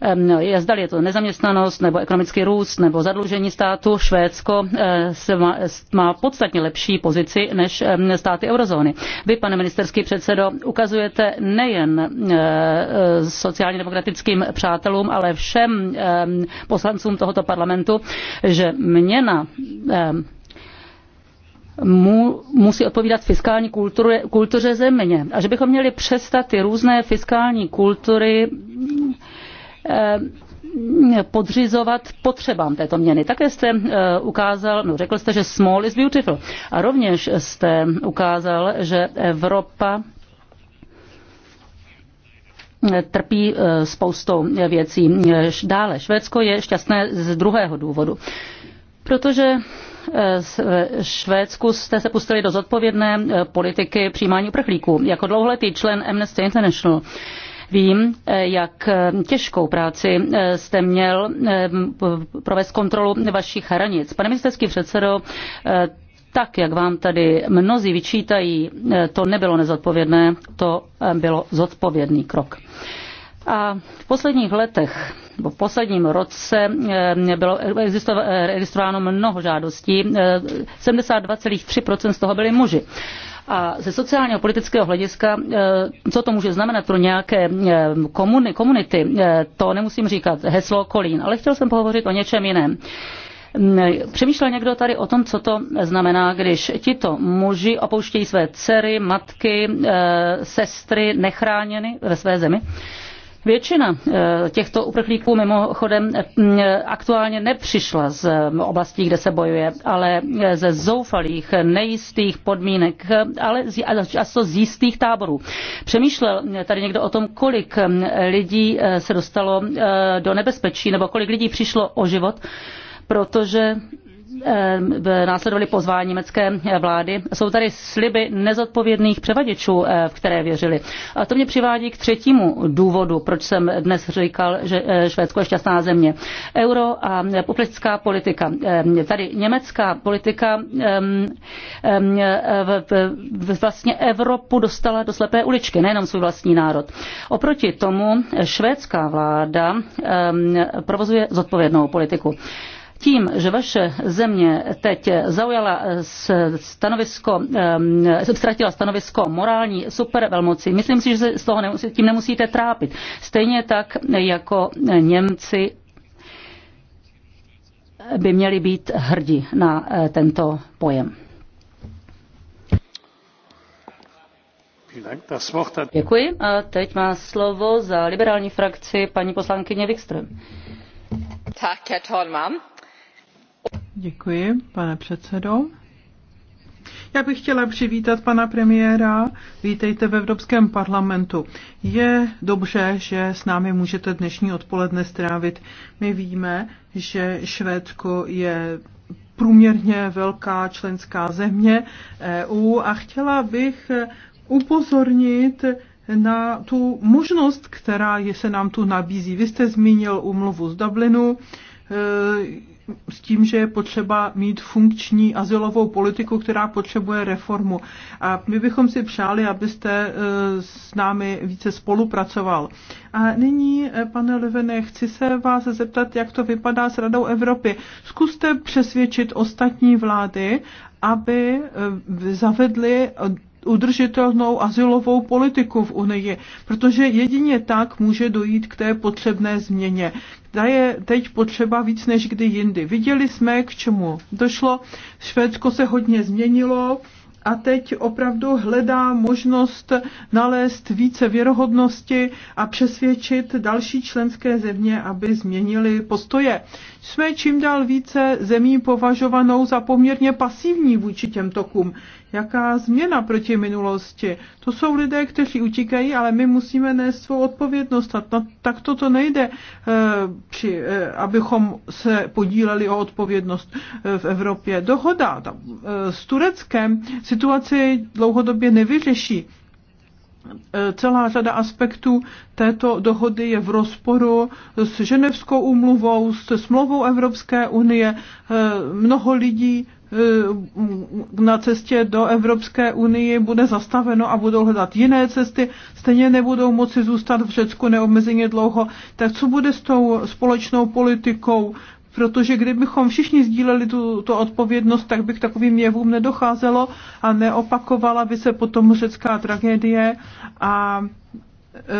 ehm, no, zdali je to nezaměstnanost nebo ekonomický růst nebo zadlužení státu, Švédsko eh, se má, má podstatně lepší pozici než ehm, státy eurozóny. Vy, pane ministerský předsedo, ukazujete nejen sociálně demokratickým přátelům, ale všem ehm, poslancům tohoto parlamentu, že měna mu, musí odpovídat fiskální kultury, kultuře země. A že bychom měli přestat ty různé fiskální kultury eh, podřizovat potřebám této měny. Také jste uh, ukázal, no, řekl jste, že small is beautiful. A rovněž jste ukázal, že Evropa eh, trpí eh, spoustou věcí. Dále, Švédsko je šťastné z druhého důvodu. Protože Eh, v Švédsku jste se pustili do zodpovědné eh, politiky přijímání uprchlíků. Jako dlouholetý člen Amnesty International Vím, eh, jak těžkou práci jste měl provést kontrolu vašich hranic. Pane ministerský předsedo, tak, jak vám tady mnozí vyčítají, to nebylo nezodpovědné, to bylo zodpovědný krok. A v posledních letech v posledním roce eh, bylo eh, registrováno mnoho žádostí, 72,3% eh, z toho byli muži. A ze sociálního politického hlediska, co to může znamenat pro nějaké komunity, to nemusím říkat heslo Kolín, ale chtěl jsem pohovořit o něčem jiném. Mm, přemýšlel někdo tady o tom, co to znamená, když tito muži opouštějí své dcery, matky, sestry nechráněny ve své zemi? Většina eh, těchto uprchlíků mimochodem eh, eh, aktuálně nepřišla z oblastí, kde se bojuje, ale ze zoufalých, nejistých podmínek, ale často z jistých táborů. Přemýšlel tady někdo o tom, kolik lidí se dostalo do nebezpečí nebo kolik lidí přišlo o život, protože následovali pozvání německé vlády. Jsou tady sliby nezodpovědných převaděčů, eh, v které věřili. A to mě přivádí k třetímu důvodu, proč jsem dnes říkal, že eh, Švédsko je šťastná země. Euro a populistická politika. Eh, tady německá politika ehm, ehm, vlastně Evropu dostala do slepé uličky, nejenom svůj vlastní národ. Oproti tomu švédská vláda ehm, provozuje zodpovědnou politiku tím, že vaše země teď zaujala stanovisko, ztratila stanovisko morální supervelmoci, myslím si, že z toho nemusí, tím nemusíte trápit. Stejně tak jako Němci by měli být hrdí na eh, tento pojem. Děkuji. A teď má slovo za liberální frakci paní poslankyně Wikström. Tak, herr Tolman. Děkuji, pane předsedo. Já bych chtěla přivítat pana premiéra. Vítejte ve Evropském parlamentu. Je dobře, že s námi můžete dnešní odpoledne strávit. My víme, že Švédsko je průměrně velká členská země EU a chtěla bych upozornit na tu možnost, která se nám tu nabízí. Vy jste zmínil umluvu z Dublinu s tím, že je potřeba mít funkční azylovou politiku, která potřebuje reformu. A my bychom si přáli, abyste e, s námi více spolupracoval. A nyní, e, pane Levene, chci se vás zeptat, jak to vypadá s Radou Evropy. Zkuste přesvědčit ostatní vlády, aby e, zavedly udržitelnou azylovou politiku v Unii, protože jedině tak může dojít k té potřebné změně ta je teď potřeba víc než kdy jindy. Viděli jsme, k čemu došlo. Švédsko se hodně změnilo a teď opravdu hledá možnost nalézt více věrohodnosti a přesvědčit další členské země, aby změnili postoje. Jsme čím dál více zemí považovanou za poměrně pasivní vůči těm tokům. Jaká změna proti minulosti? To jsou lidé, kteří utíkají, ale my musíme nést svou odpovědnost. A tak to to nejde, eh, při, eh, abychom se podíleli o odpovědnost eh, v Evropě. Dohoda s Tureckem si situaci dlouhodobě nevyřeší. E, celá řada aspektů této dohody je v rozporu s Ženevskou úmluvou, s smlouvou Evropské unie. E, mnoho lidí e, na cestě do Evropské unie bude zastaveno a budou hledat jiné cesty, stejně nebudou moci zůstat v Řecku neomezeně dlouho. Tak co bude s tou společnou politikou protože kdybychom všichni sdíleli tu, tu odpovědnost, tak by k takovým jevům nedocházelo a neopakovala by se potom řecká tragédie a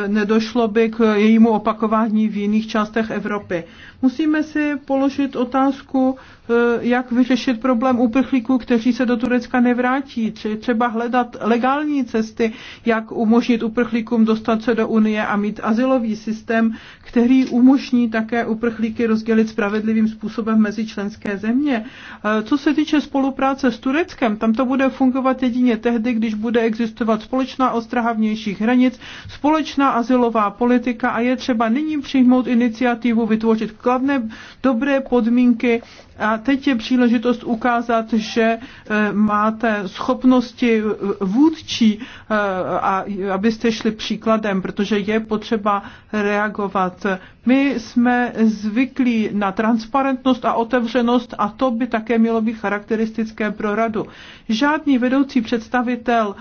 nedošlo by k jejímu opakování v jiných částech Evropy. Musíme si položit otázku, eh, jak vyřešit problém uprchlíků, kteří se do Turecka nevrátí. Či třeba hledat legální cesty, jak umožnit uprchlíkům dostat se do Unie a mít asilový systém, který umožní také uprchlíky rozdělit spravedlivým způsobem mezi členské země. Eh, Co se týče spolupráce s Tureckem, tam to bude fungovat jedině tehdy, když bude existovat společná ostraha vnějších hranic, společná společná asilová politika a je třeba nyní přijmout iniciativu vytvořit kladné dobré podmínky a teď je příležitost ukázat, že eh, máte schopnosti eh, vůdčí, eh, a abyste šli příkladem, protože je potřeba reagovat. My jsme zvyklí na transparentnost a otevřenost a to by také mělo být charakteristické pro radu. Žádný vedoucí představitel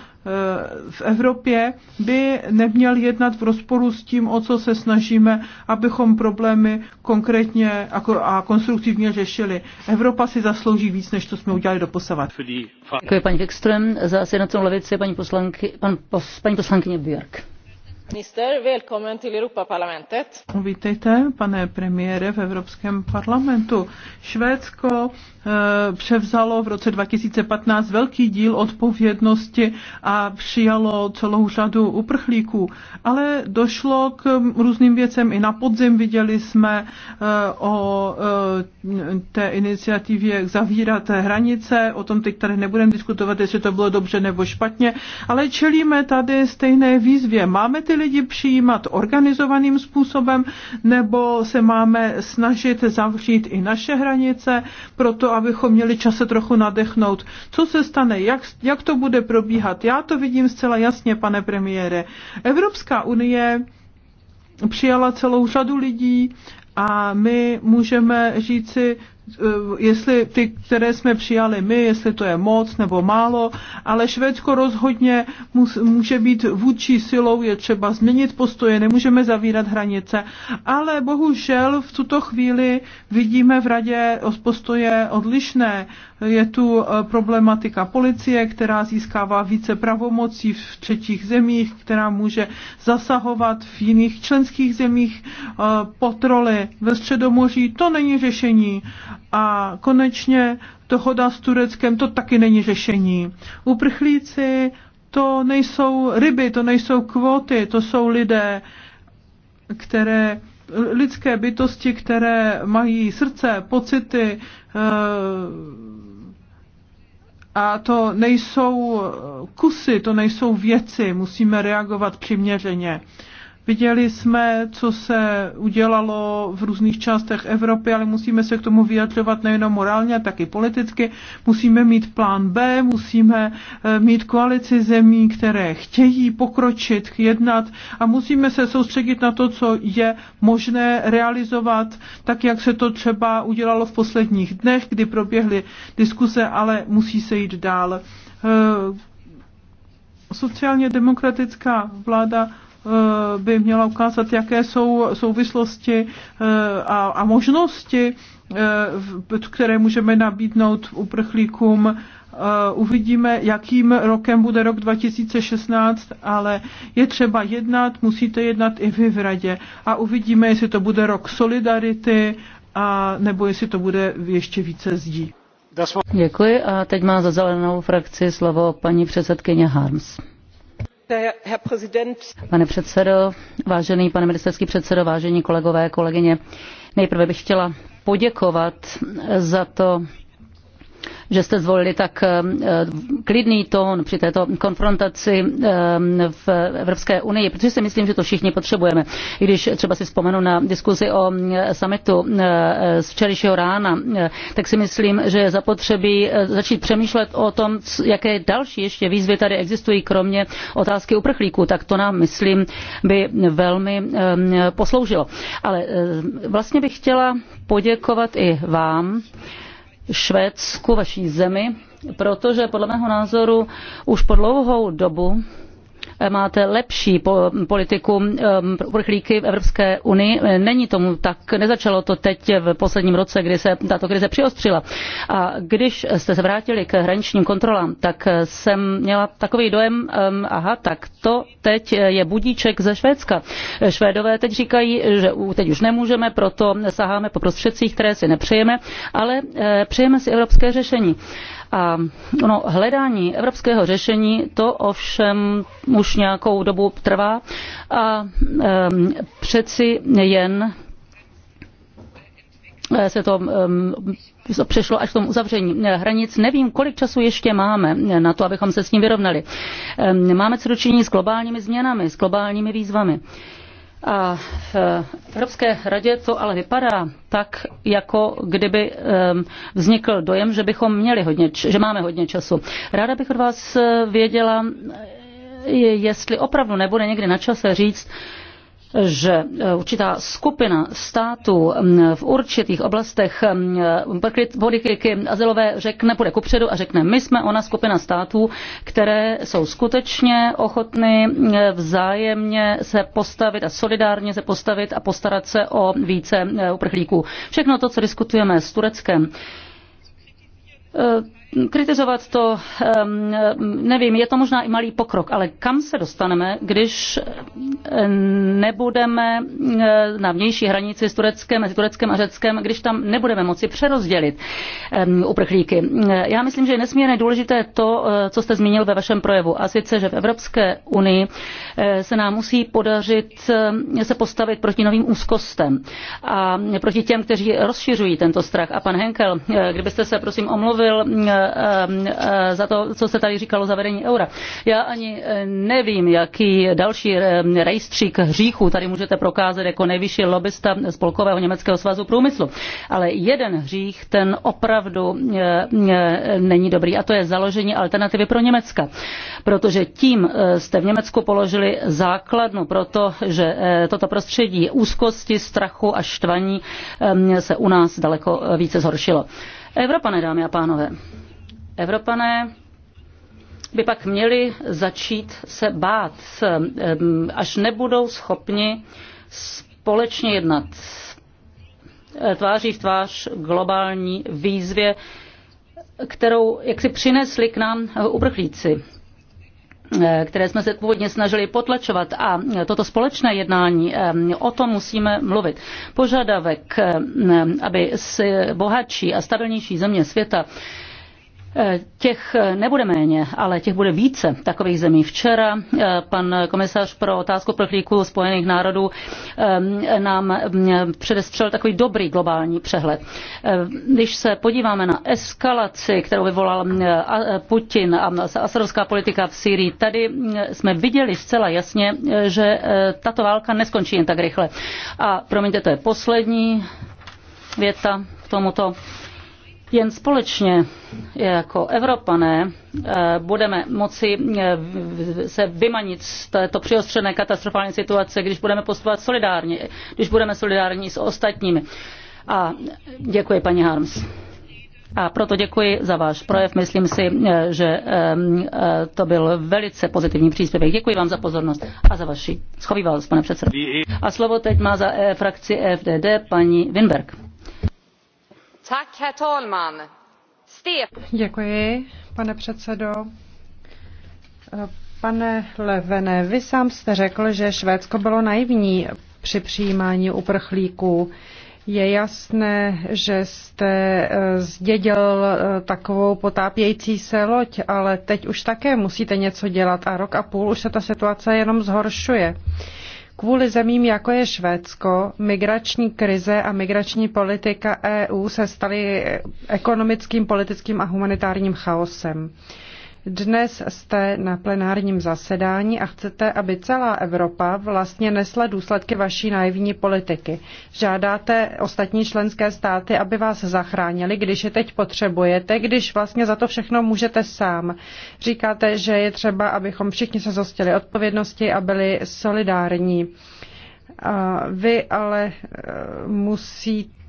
v Evropě by neměl jednat v rozporu s tím, o co se snažíme, abychom problémy konkrétně a konstruktivně řešili. Evropa si zaslouží víc, než to jsme udělali do posavat. Děkuji paní Vekström, Za sjednocenou levici paní, poslanky, pan, pos, paní poslankyně Björk. Minister, välkommen till Europaparlamentet. Vítejte, pane premiére, v Evropském parlamentu. Švédsko Eh, převzalo v roce 2015 velký díl odpovědnosti a přijalo celou řadu uprchlíků. Ale došlo k různým věcem. I na podzim viděli jsme eh, o eh, té iniciativě zavírat hranice. O tom teď tady nebudeme diskutovat, jestli to bylo dobře nebo špatně, ale čelíme tady stejné výzvě. Máme ty lidi přijímat organizovaným způsobem nebo se máme snažit zavřít i naše hranice, proto abychom měli čas se trochu nadechnout. Co se stane? Jak, jak to bude probíhat? Já to vidím zcela jasně, pane premiére. Evropská unie přijala celou řadu lidí a my můžeme říci, Eh, jestli ty, které jsme přijali my, jestli to je moc nebo málo, ale Švédsko rozhodně může být vůči silou, je třeba změnit postoje, nemůžeme zavírat hranice, ale bohužel v tuto chvíli vidíme v radě postoje odlišné. Je tu eh, problematika policie, která získává více pravomocí v třetích zemích, která může zasahovat v jiných členských zemích eh, potroly ve Středomoří. To není řešení a konečně dohoda s Tureckem, to taky není řešení. Uprchlíci to nejsou ryby, to nejsou kvóty, to jsou lidé, které lidské bytosti, které mají srdce, pocity eh, a to nejsou kusy, to nejsou věci, musíme reagovat přiměřeně. Viděli jsme, co se udělalo v různých částech Evropy, ale musíme se k tomu vyjadřovat nejenom morálně, tak i politicky. Musíme mít plán B, musíme eh, mít koalici zemí, které chtějí pokročit, jednat a musíme se soustředit na to, co je možné realizovat, tak jak se to třeba udělalo v posledních dnech, kdy proběhly diskuse, ale musí se jít dál. Eh, sociálně demokratická vláda Eh, by měla ukázat, jaké jsou souvislosti eh, a, a možnosti, eh, které můžeme nabídnout uprchlíkům. Uvidíme, jakým rokem bude rok 2016, ale je třeba jednat, musíte jednat i vy v radě. A uvidíme, jestli to bude rok solidarity, a nebo jestli to bude ještě více zdí. Děkuji a teď má za zelenou frakci slovo paní předsedkyně Harms. Pane předsedající vážený pane ministerský předsedo, vážení kolegové, kolegyně, nejprve bych chtěla poděkovat za to, že jste zvolili tak eh, klidný tón při této konfrontaci eh, v Evropské unii, protože si myslím, že to všichni potřebujeme. I když třeba si vzpomenu na diskuzi o eh, summitu z včerejšího rána, tak si myslím, že je zapotřebí začít přemýšlet o tom, jaké další ještě výzvy tady existují, kromě otázky uprchlíků. Tak to nám, myslím, by velmi posloužilo. Ale vlastně bych chtěla poděkovat i vám, Švédsku, vaší zemi, protože podle mého názoru už po dlouhou dobu máte lepší politiku um, uprchlíky v Evropské unii. Není tomu tak, nezačalo to teď v posledním roce, kdy se tato krize přiostřila. A když jste se vrátili k hraničním kontrolám, tak jsem měla takový dojem, um, aha, tak to teď je budíček ze Švédska. Švédové teď říkají, že teď už nemůžeme, proto saháme po prostředcích, které si nepřejeme, ale eh, přejeme si evropské řešení. A no, hledání evropského řešení, to ovšem už nějakou dobu trvá a um, přeci jen eh, se to um, přešlo až k tomu uzavření hranic. Nevím, kolik času ještě máme na to, abychom se s ním vyrovnali. Um, máme co dočinit s globálními změnami, s globálními výzvami. Uh, a v Evropské radě to ale vypadá tak, jako kdyby vznikl dojem, že bychom měli hodně, že máme hodně času. Ráda bych od vás věděla, jestli opravdu nebude někdy na čase říct, že eh, určitá skupina států mm, v určitých oblastech mm, politiky azylové řekne, bude kupředu a řekne, my jsme ona skupina států, které jsou skutečně ochotny mm, vzájemně se postavit a solidárně se postavit a postarat se o více eh, uprchlíků. Všechno to, co diskutujeme s Tureckem, eh, kritizovat to, nevím, je to možná i malý pokrok, ale kam se dostaneme, když nebudeme eh, na vnější hranici s Tureckem, mezi Tureckem a Řeckem, když tam nebudeme moci přerozdělit uprchlíky. Já myslím, že je nesmírně důležité to, eh, co jste zmínil ve vašem projevu, a sice, že v Evropské unii eh, se nám musí podařit se postavit proti novým úzkostem a proti těm, kteří rozšiřují tento strach. A pan Henkel, kdybyste se prosím omluvil, Eh, eh, za to, co se tady říkalo zavedení eura. Já ani eh, nevím, jaký další rejstřík hříchů tady můžete prokázat jako nejvyšší lobista Spolkového německého svazu průmyslu. Ale jeden hřích, ten opravdu není dobrý a to je založení alternativy pro Německa. Protože tím jste v Německu položili základnu pro to, že toto prostředí úzkosti, strachu a štvaní se u nás daleko více zhoršilo. Evropané, dámy a pánové, Evropané by pak měli začít se bát, až nebudou schopni společně jednat e, tváří v tvář globální výzvě, kterou jak si přinesli k nám uprchlíci e, které jsme se původně snažili potlačovat a toto společné jednání, e, o tom musíme mluvit. Požadavek, aby si bohatší a stabilnější země světa Eh, těch eh, nebude méně, ale těch bude více takových zemí. Včera eh, pan komisař pro otázku prchlíků Spojených národů nám mm, předestřel takový dobrý globální přehled. Když se podíváme na eskalaci, kterou vyvolal mm, Putin a asadovská politika v Syrii, tady mm, jsme viděli zcela jasně, že tato válka neskončí jen tak rychle. A promiňte, to je poslední věta k tomuto jen společně jako Evropané eh, budeme moci eh, se vymanit z této přiostřené katastrofální situace, když budeme postupovat solidárně, když budeme solidární s ostatními. A děkuji, paní Harms. A proto děkuji za váš projev. Myslím si, eh, že to byl velice pozitivní příspěvek. Děkuji vám za pozornost a za vaši schovývalost, pane předsedo. A slovo teď má za frakci e FDD paní Winberg. Děkuji, pane předsedající Pane Levene, vy sám jste řekl, že Švédsko bylo naivní při přijímání uprchlíků. Je jasné, že jste eh, zdědil eh, takovou potápějící se loď, ale teď už také musíte něco dělat a rok a půl už se ta situace jenom zhoršuje. Kvůli zemím, jako je Švédsko, migrační krize a migrační politika EU se staly ekonomickým, politickým a humanitárním chaosem. Dnes jste na plenárním zasedání a chcete, aby celá Evropa vlastně nesla důsledky vaší naivní politiky. Žádáte ostatní členské státy, aby vás zachránili, když je teď potřebujete, když vlastně za to všechno můžete sám. Říkáte, že je třeba, abychom všichni se zostili odpovědnosti a byli solidární. Vy ale eh, musíte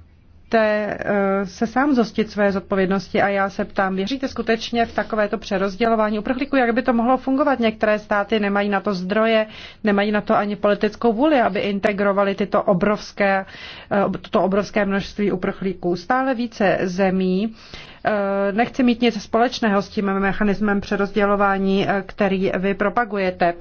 musíte eh, se sám zostit své zodpovědnosti a já se ptám, věříte skutečně v takovéto přerozdělování uprchlíků, jak by to mohlo fungovat? Některé státy nemají na to zdroje, nemají na to ani politickou vůli, aby integrovali tyto obrovské, eh, toto obrovské množství uprchlíků. Stále více zemí Eh, nechci mít nic společného s tím mechanismem přerozdělování, eh, který vy propagujete.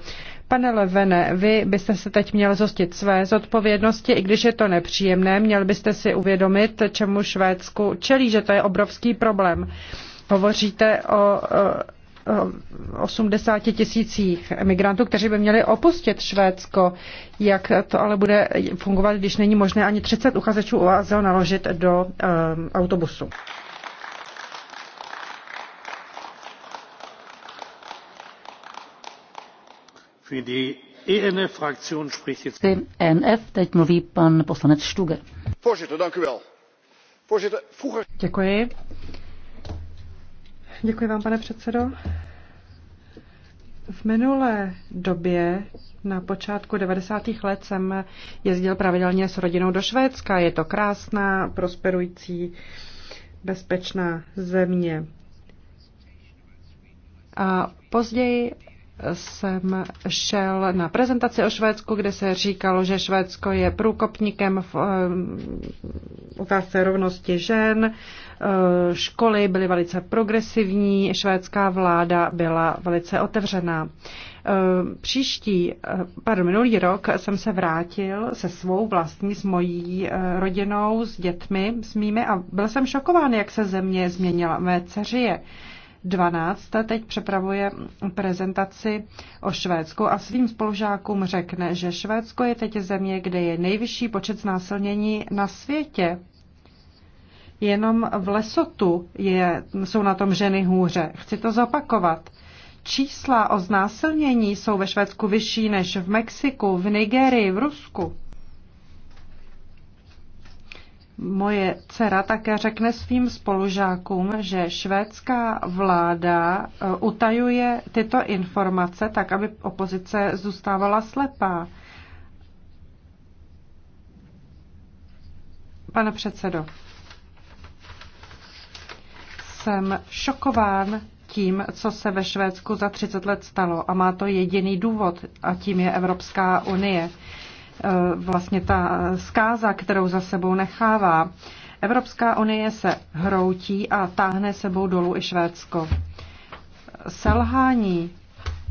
Pane Levene, vy byste se teď měl zostit své zodpovědnosti, i když je to nepříjemné, měl byste si uvědomit, čemu Švédsku čelí, že to je obrovský problém. Hovoříte o 80 eh, tisících emigrantů, kteří by měli opustit Švédsko. Jak to ale bude fungovat, když není možné ani 30 uchazečů o azyl naložit do um, autobusu? ENF e e teď mluví pan poslanec Děkuji. Děkuji vám, pane předsedo. V minulé době na počátku 90. let jsem jezdil pravidelně s rodinou do Švédska. Je to krásná, prosperující, bezpečná země. A později jsem šel na prezentaci o Švédsku, kde se říkalo, že Švédsko je průkopníkem v eh, otázce rovnosti žen. Eh, školy byly velice progresivní, švédská vláda byla velice otevřená. Eh, příští, pardon, minulý rok jsem se vrátil se svou vlastní, s mojí rodinou, s dětmi, s mými a byl jsem šokován, jak se země změnila. Mé dceři je 12 teď přepravuje prezentaci o Švédsku a svým spolužákům řekne, že Švédsko je teď země, kde je nejvyšší počet znásilnění na světě. Jenom v Lesotu je, jsou na tom ženy hůře. Chci to zopakovat. Čísla o znásilnění jsou ve Švédsku vyšší než v Mexiku, v Nigerii, v Rusku. Moje dcera také řekne svým spolužákům, že švédská vláda e, utajuje tyto informace tak, aby opozice zůstávala slepá. Pane předsedo, jsem šokován tím, co se ve Švédsku za 30 let stalo a má to jediný důvod a tím je Evropská unie. Eh, vlastně ta zkáza, kterou za sebou nechává. Evropská unie se hroutí a táhne sebou dolů i Švédsko. Selhání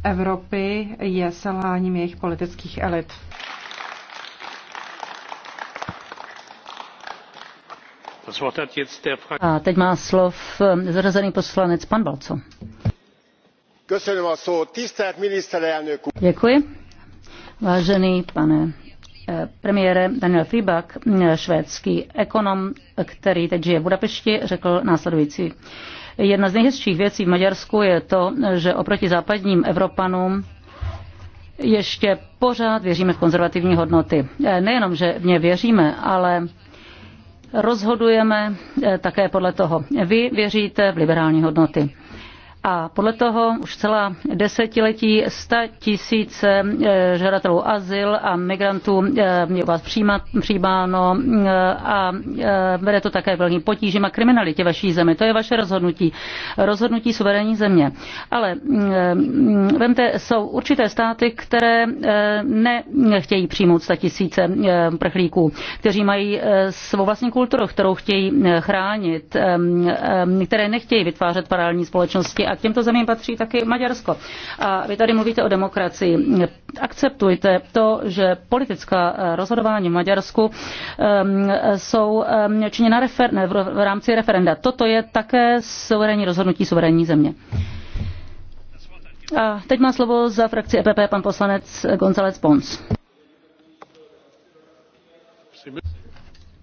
Evropy je selháním jejich politických elit. A teď má slov eh, zařazený poslanec pan Balco. Děkuji. Vážený pane Premiérem Daniel Fribak, švédský ekonom, který teď žije v Budapešti, řekl následující. Jedna z nejhezčích věcí v Maďarsku je to, že oproti západním Evropanům ještě pořád věříme v konzervativní hodnoty. Nejenom, že v ně věříme, ale rozhodujeme také podle toho. Vy věříte v liberální hodnoty. A podle toho už celá desetiletí 100 tisíce eh, žadatelů azyl a migrantů eh, je u vás přijímáno eh, a vede to také velmi potížím a kriminalitě vaší zemi. To je vaše rozhodnutí. Rozhodnutí suverénní země. Ale mm, vemte, jsou určité státy, které nechtějí přijmout 100 tisíce prchlíků, kteří mají svou vlastní kulturu, kterou chtějí chránit, které nechtějí vytvářet paralelní společnosti a k těmto zemím patří taky Maďarsko. A vy tady mluvíte o demokracii. Akceptujte to, že politická eh, rozhodování v Maďarsku ehm, jsou ehm, činěna refer- ne, v rámci referenda. Toto je také suverénní rozhodnutí suverénní země. A teď má slovo za frakci EPP pan poslanec González Pons.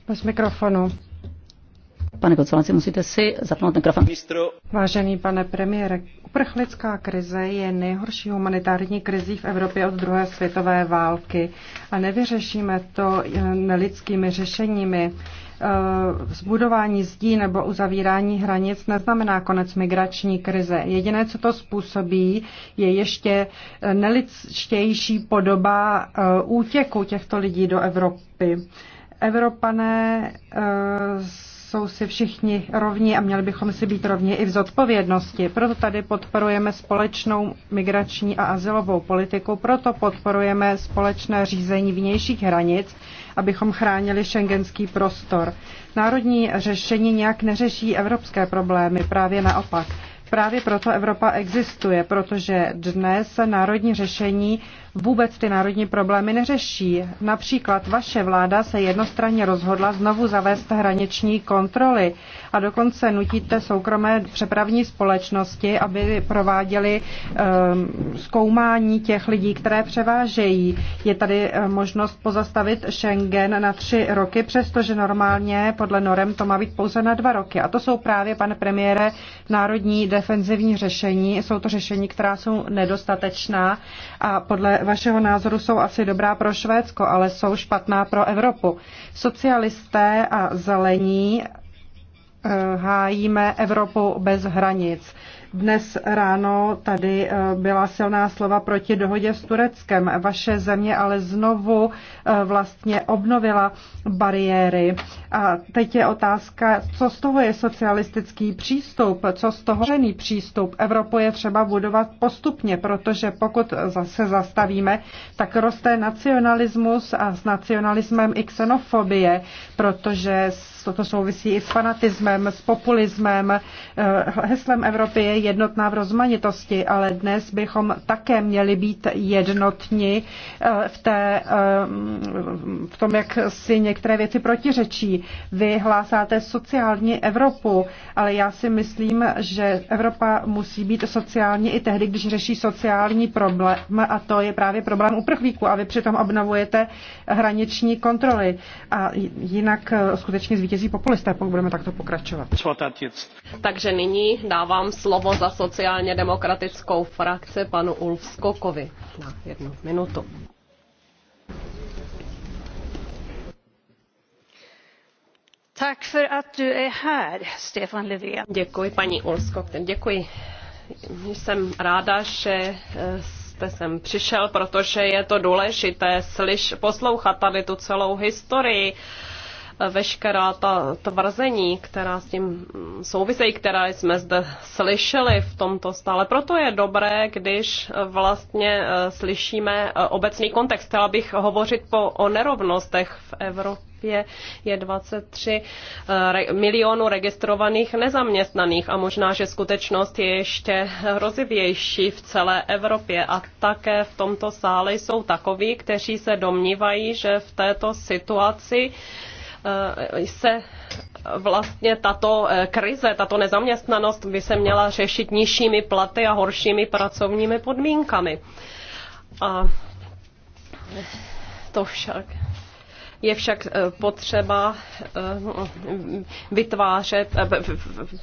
Bez mikrofonu. Pane Kocelanci, musíte si zapnout mikrofon. Vážený pane premiére, uprchlická krize je nejhorší humanitární krizí v Evropě od druhé světové války a nevyřešíme to eh, nelidskými řešeními. Eh, zbudování zdí nebo uzavírání hranic neznamená konec migrační krize. Jediné, co to způsobí, je ještě nelidštější podoba eh, útěku těchto lidí do Evropy. Evropané jsou si všichni rovni a měli bychom si být rovni i v zodpovědnosti. Proto tady podporujeme společnou migrační a azylovou politiku, proto podporujeme společné řízení vnějších hranic, abychom chránili šengenský prostor. Národní řešení nějak neřeší evropské problémy, právě naopak. Právě proto Evropa existuje, protože dnes národní řešení vůbec ty národní problémy neřeší. Například vaše vláda se jednostranně rozhodla znovu zavést hraniční kontroly a dokonce nutíte soukromé přepravní společnosti, aby prováděli um, ehm, zkoumání těch lidí, které převážejí. Je tady eh, možnost pozastavit Schengen na tři roky, přestože normálně podle norem to má být pouze na dva roky. A to jsou právě, pane premiére, národní defenzivní řešení. Jsou to řešení, která jsou nedostatečná a podle vašeho názoru jsou asi dobrá pro Švédsko, ale jsou špatná pro Evropu. Socialisté a zelení eh, hájíme Evropu bez hranic. Dnes ráno tady eh, byla silná slova proti dohodě s Tureckem. Vaše země ale znovu eh, vlastně obnovila bariéry. A teď je otázka, co z toho je socialistický přístup, co z toho je přístup. Evropu je třeba budovat postupně, protože pokud se zastavíme, tak roste nacionalismus a s nacionalismem i xenofobie, protože to souvisí i s fanatismem, s populismem. Eh, heslem Evropy je jednotná v rozmanitosti, ale dnes bychom také měli být jednotní eh, v, té, eh, v tom, jak si některé věci protiřečí. Vy hlásáte sociální Evropu, ale já si myslím, že Evropa musí být sociální i tehdy, když řeší sociální problém a to je právě problém uprchlíků a vy přitom obnovujete hraniční kontroly a jinak skutečně zvýšení zvítězí populisté, pokud budeme takto pokračovat. Takže nyní dávám slovo za sociálně demokratickou frakci panu Ulf Skokovi na jednu minutu. Tak för att du är här, Stefan Löfven. Děkuji, paní Ulskok. Děkuji. Jsem ráda, že eh, jste sem přišel, protože je to důležité slyš, poslouchat tady tu celou historii veškerá ta tvrzení, která s tím souvisejí, která jsme zde slyšeli v tomto stále. Proto je dobré, když vlastně eh, slyšíme eh, obecný kontext. Chtěla bych hovořit po, o nerovnostech v Evropě je, je eh, 23 milionů registrovaných nezaměstnaných a možná, že skutečnost je ještě hrozivější v celé Evropě a také v tomto sále jsou takoví, kteří se domnívají, že v této situaci Eh, se vlastně tato eh, krize, tato nezaměstnanost by se měla řešit nižšími platy a horšími pracovními podmínkami. A to však je však eh, potřeba eh, vytvářet eh,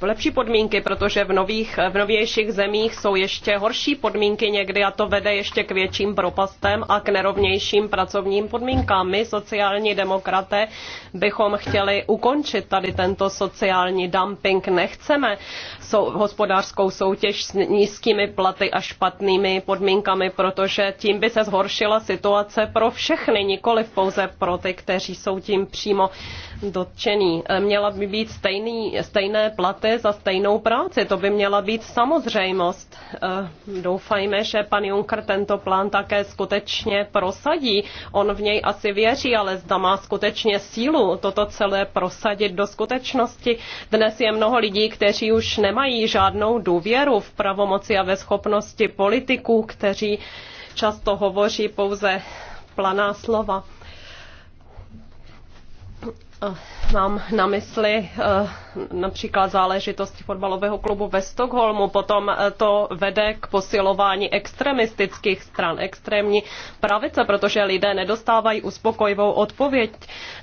lepší podmínky, protože v, nových, v novějších zemích jsou ještě horší podmínky někdy a to vede ještě k větším propastem a k nerovnějším pracovním podmínkám. My, sociální demokraté, bychom chtěli ukončit tady tento sociální dumping. Nechceme sou, hospodářskou soutěž s nízkými platy a špatnými podmínkami, protože tím by se zhoršila situace pro všechny, nikoli pouze pro ty, kteří jsou tím přímo dotčený. Eh, měla by být stejný, stejné platy za stejnou práci. To by měla být samozřejmost. Eh, doufajme, že pan Juncker tento plán také skutečně prosadí. On v něj asi věří, ale zda má skutečně sílu toto celé prosadit do skutečnosti. Dnes je mnoho lidí, kteří už nemají žádnou důvěru v pravomoci a ve schopnosti politiků, kteří často hovoří pouze planá slova. Eh, mám na mysli eh, například záležitosti fotbalového klubu ve Stockholmu. Potom eh, to vede k posilování extremistických stran, extrémní pravice, protože lidé nedostávají uspokojivou odpověď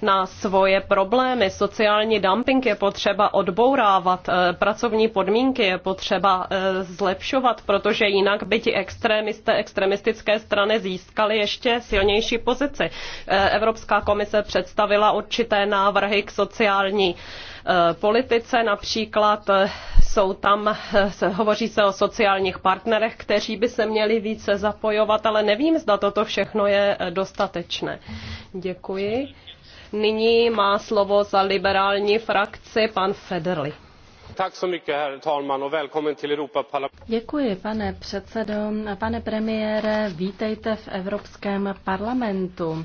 na svoje problémy. Sociální dumping je potřeba odbourávat, pracovní podmínky je potřeba zlepšovat, protože jinak by ti extremisté, extremistické strany získaly ještě silnější pozici. Evropská komise představila určité návrhy návrhy k sociální eh, politice. Například eh, jsou tam, eh, se, hovoří se o sociálních partnerech, kteří by se měli více zapojovat, ale nevím, zda toto všechno je dostatečné. Děkuji. Nyní má slovo za liberální frakci pan Federli. Děkuji, pane předsedo. Pane premiére, vítejte v Evropském parlamentu.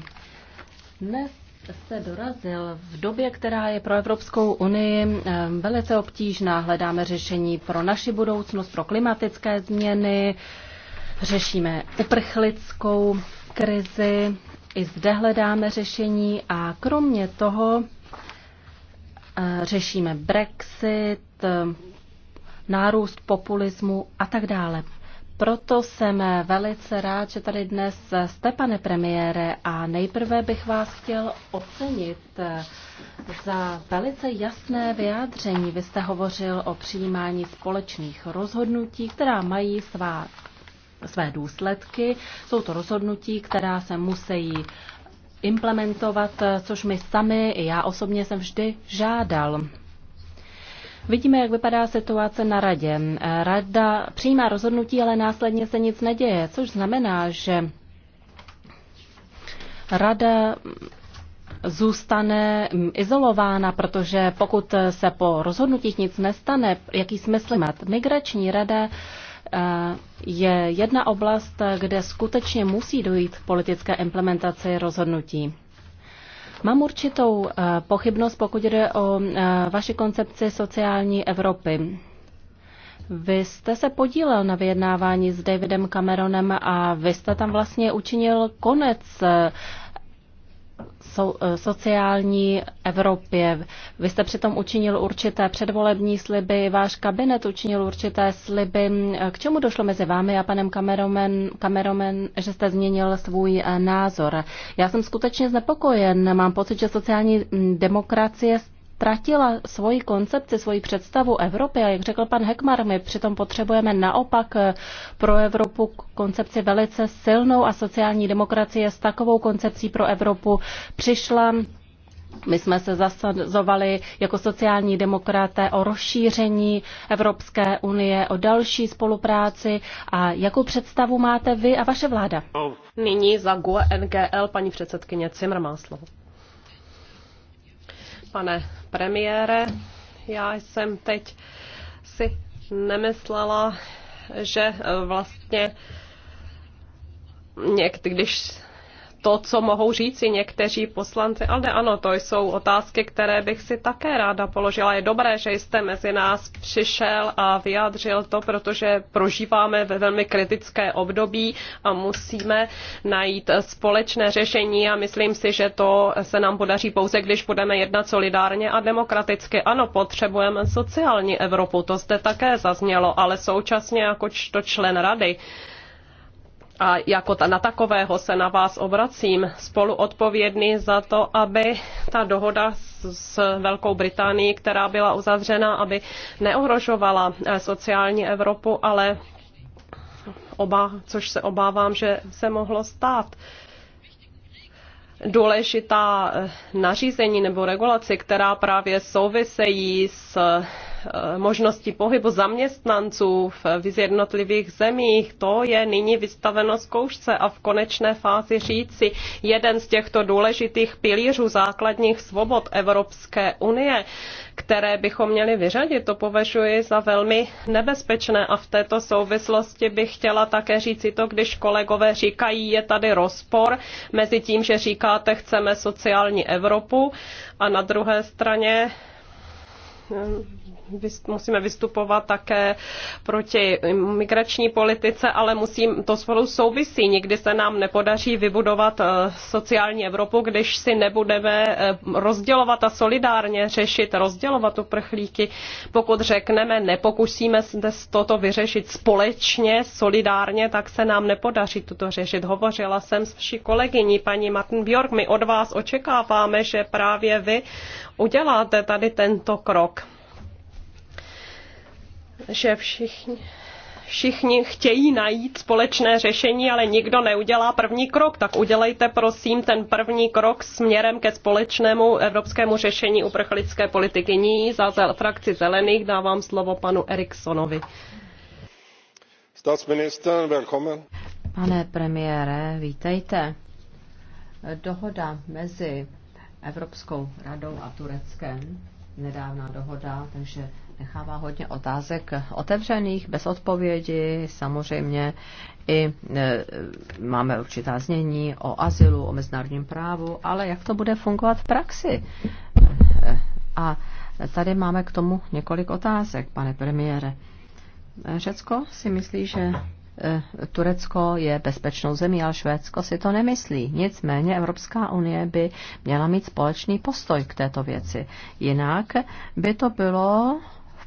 Dnes jste dorazil v době, která je pro Evropskou unii eh, velice obtížná. Hledáme řešení pro naši budoucnost, pro klimatické změny, řešíme uprchlickou krizi, i zde hledáme řešení a kromě toho eh, řešíme Brexit, eh, nárůst populismu a tak dále. Proto jsem velice rád, že tady dnes jste, pane premiére, a nejprve bych vás chtěl ocenit eh, za velice jasné vyjádření. Vy jste hovořil o přijímání společných rozhodnutí, která mají svá, své důsledky. Jsou to rozhodnutí, která se musí implementovat, což my sami, i já osobně jsem vždy žádal. Vidíme, jak vypadá situace na radě. Rada přijímá rozhodnutí, ale následně se nic neděje, což znamená, že rada zůstane izolována, protože pokud se po rozhodnutích nic nestane, jaký smysl má migrační rada, eh, je jedna oblast, kde skutečně musí dojít k politické implementaci rozhodnutí. Mám určitou eh, pochybnost, pokud jde o eh, vaši koncepci sociální Evropy. Vy jste se podílel na vyjednávání s Davidem Cameronem a vy jste tam vlastně učinil konec eh, so, eh, sociální Evropě. Vy jste přitom učinil určité předvolební sliby, váš kabinet učinil určité sliby. K čemu došlo mezi vámi a panem Cameromen, Cameromen že jste změnil svůj eh, názor? Já jsem skutečně znepokojen. Mám pocit, že sociální mm, demokracie ztratila svoji koncepci, svoji představu Evropy. A jak řekl pan Hekmar, my přitom potřebujeme naopak eh, pro Evropu koncepci velice silnou a sociální demokracie s takovou koncepcí pro Evropu přišla. My jsme se zasazovali jako sociální demokraté o rozšíření Evropské unie, o další spolupráci. A jakou představu máte vy a vaše vláda? Nyní za GUE NGL paní předsedkyně Cimr má slovo. Pane premiére. Já jsem teď si nemyslela, že eh, vlastně někdy, když to, co mohou říci někteří poslanci. Ale ano, to jsou otázky, které bych si také ráda položila. Je dobré, že jste mezi nás přišel a vyjádřil to, protože prožíváme ve velmi kritické období a musíme najít společné řešení a myslím si, že to se nám podaří pouze, když budeme jednat solidárně a demokraticky. Ano, potřebujeme sociální Evropu, to zde také zaznělo, ale současně jako to člen rady a jako ta, na takového se na vás obracím, spolu odpovědný za to, aby ta dohoda s, Velkou Británií, která byla uzavřena, aby neohrožovala eh, sociální Evropu, ale oba, což se obávám, že se mohlo stát důležitá eh, nařízení nebo regulace, která právě souvisejí s Eh, možnosti pohybu zaměstnanců v jednotlivých zemích, to je nyní vystaveno zkoušce a v konečné fázi říci, jeden z těchto důležitých pilířů základních svobod Evropské unie, které bychom měli vyřadit, to považuji za velmi nebezpečné a v této souvislosti bych chtěla také říci to, když kolegové říkají, je tady rozpor mezi tím, že říkáte, chceme sociální Evropu a na druhé straně musíme vystupovat také proti migrační politice, ale musím, to spolu souvisí. Nikdy se nám nepodaří vybudovat eh, sociální Evropu, když si nebudeme eh, rozdělovat a solidárně řešit, rozdělovat uprchlíky. Pokud řekneme, nepokusíme se toto vyřešit společně, solidárně, tak se nám nepodaří toto řešit. Hovořila jsem s vší kolegyní, paní Martin Bjork, my od vás očekáváme, že právě vy uděláte tady tento krok že všichni, všichni chtějí najít společné řešení, ale nikdo neudělá první krok, tak udělejte prosím ten první krok směrem ke společnému evropskému řešení uprchlické politiky. Ní za zel, frakci zelených dávám slovo panu Eriksonovi. Pane premiére, vítejte. Dohoda mezi Evropskou radou a Tureckem, nedávná dohoda, takže nechává hodně otázek otevřených, bez odpovědi. Samozřejmě i e, máme určitá znění o azylu, o mezinárodním právu, ale jak to bude fungovat v praxi? E, a tady máme k tomu několik otázek, pane premiére. E, Řecko si myslí, že Turecko je bezpečnou zemí, ale Švédsko si to nemyslí. Nicméně Evropská unie by měla mít společný postoj k této věci. Jinak by to bylo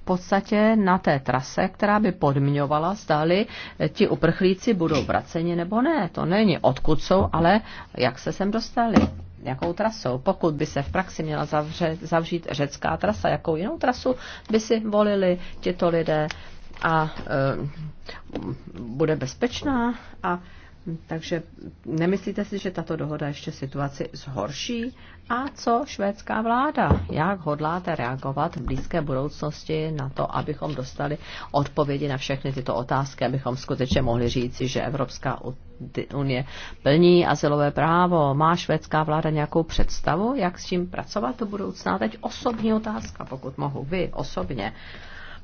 podstatě na té trase, která by podmňovala, zdali eh, ti uprchlíci budou vraceni nebo ne. To není odkud jsou, ale jak se sem dostali jakou trasou. Pokud by se v praxi měla zavře, zavřít řecká trasa, jakou jinou trasu by si volili tito lidé a e, bude bezpečná. A takže nemyslíte si, že tato dohoda ještě situaci zhorší a co švédská vláda? Jak hodláte reagovat v blízké budoucnosti na to, abychom dostali odpovědi na všechny tyto otázky, abychom skutečně mohli říci, že Evropská unie plní asilové právo? Má švédská vláda nějakou představu, jak s tím pracovat do budoucna? Teď osobní otázka, pokud mohu vy osobně.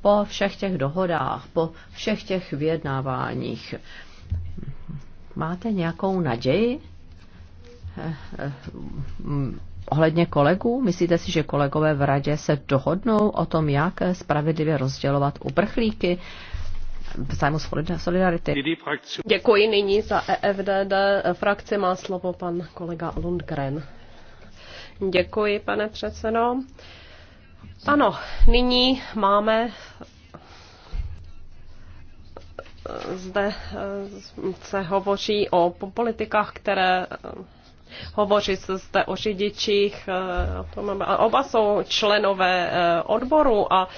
Po všech těch dohodách, po všech těch vyjednáváních, máte nějakou naději? Eh, eh, mm, ohledně kolegů, myslíte si, že kolegové v radě se dohodnou o tom, jak spravedlivě rozdělovat uprchlíky? v zájmu solidarity. Děkuji nyní za EFDD. frakce má slovo pan kolega Lundgren. Děkuji, pane předsedo. Ano, nyní máme eh, zde se hovoří o politikách, které Hovoří se zde o řidičích, eh, oba jsou členové eh, odboru a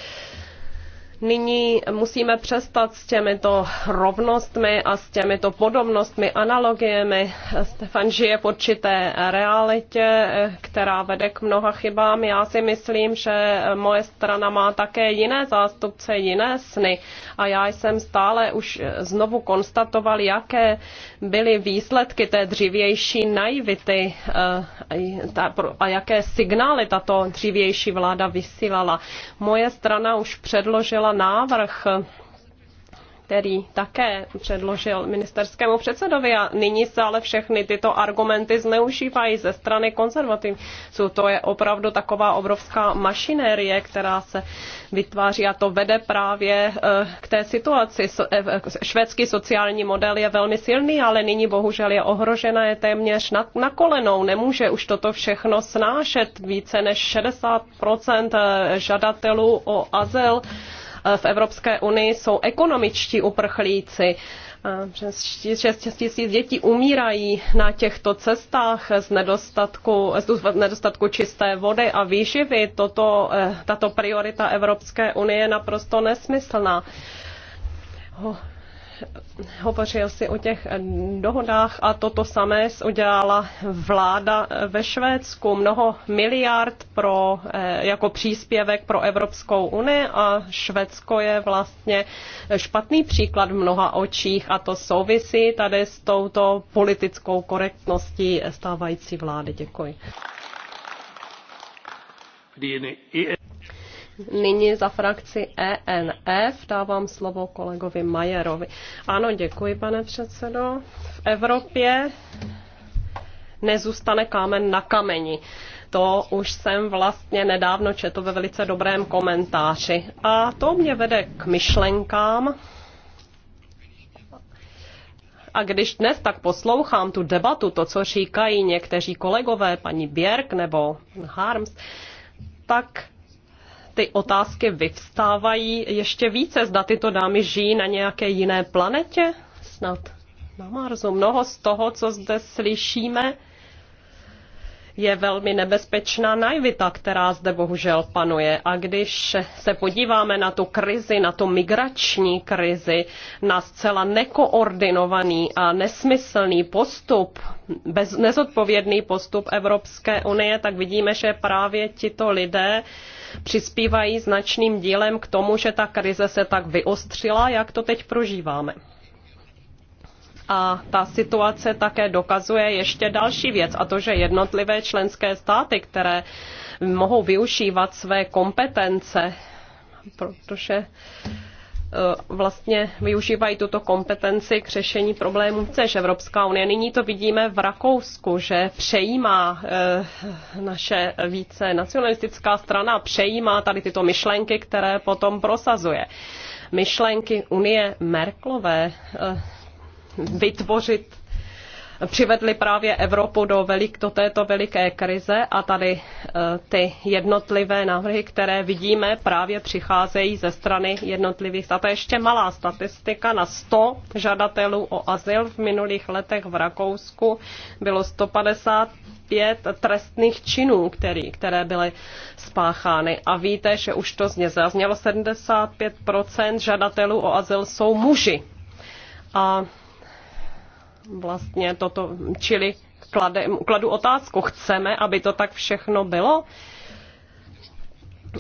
Nyní musíme přestat s těmito rovnostmi a s těmito podobnostmi, analogiemi. Stefan žije v určité realitě, která vede k mnoha chybám. Já si myslím, že moje strana má také jiné zástupce, jiné sny. A já jsem stále už znovu konstatoval, jaké byly výsledky té dřívější naivity eh, a jaké signály tato dřívější vláda vysílala. Moje strana už předložila předložila návrh který také předložil ministerskému předsedovi a nyní se ale všechny tyto argumenty zneužívají ze strany konzervativců. To je opravdu taková obrovská mašinérie, která se vytváří a to vede právě eh, k té situaci. Eh, eh, švédský sociální model je velmi silný, ale nyní bohužel je ohrožena, je téměř na, na kolenou. Nemůže už toto všechno snášet. Více než 60% žadatelů o azyl v Evropské unii jsou ekonomičtí uprchlíci. Přes 6 tisíc dětí umírají na těchto cestách z nedostatku, z nedostatku čisté vody a výživy. Toto, eh, tato priorita Evropské unie je naprosto nesmyslná hovořil si o těch dohodách a toto samé udělala vláda ve Švédsku. Mnoho miliard pro, eh, jako příspěvek pro Evropskou unii a Švédsko je vlastně špatný příklad v mnoha očích a to souvisí tady s touto politickou korektností stávající vlády. Děkuji. Nyní za frakci ENF dávám slovo kolegovi Majerovi. Ano, děkuji, pane předsedo. V Evropě nezůstane kámen na kameni. To už jsem vlastně nedávno četl ve velice dobrém komentáři. A to mě vede k myšlenkám, a když dnes tak poslouchám tu debatu, to, co říkají někteří kolegové, paní Bjerk nebo Harms, tak ty otázky vyvstávají ještě více. Zda tyto dámy žijí na nějaké jiné planetě? Snad na Marsu. Mnoho z toho, co zde slyšíme, je velmi nebezpečná naivita, která zde bohužel panuje. A když se podíváme na tu krizi, na tu migrační krizi, na zcela nekoordinovaný a nesmyslný postup, bez, nezodpovědný postup Evropské unie, tak vidíme, že právě tito lidé přispívají značným dílem k tomu, že ta krize se tak vyostřila, jak to teď prožíváme. A ta situace také dokazuje ještě další věc, a to, že jednotlivé členské státy, které mohou využívat své kompetence, protože e, vlastně využívají tuto kompetenci k řešení problémů, což Evropská unie. Nyní to vidíme v Rakousku, že přejímá e, naše více nacionalistická strana, přejímá tady tyto myšlenky, které potom prosazuje. Myšlenky Unie Merklové e, vytvořit přivedli právě Evropu do, velik, do této veliké krize a tady eh, ty jednotlivé návrhy, které vidíme, právě přicházejí ze strany jednotlivých. A to je ještě malá statistika. Na 100 žadatelů o azyl v minulých letech v Rakousku bylo 155 trestných činů, který, které byly spáchány. A víte, že už to zně zaznělo, 75% žadatelů o azyl jsou muži. A vlastně toto, čili klade, kladu otázku, chceme, aby to tak všechno bylo?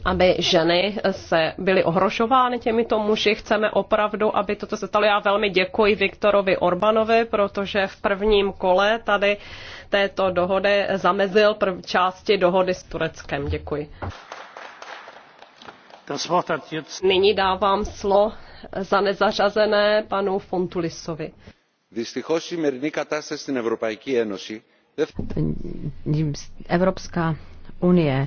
aby ženy se byly ohrožovány těmito muži. Chceme opravdu, aby toto se stalo. Já velmi děkuji Viktorovi Orbanovi, protože v prvním kole tady této dohody zamezil prv části dohody s Tureckem. Děkuji. Nyní dávám slo za nezařazené panu Fontulisovi dostihl v evropské unii je stále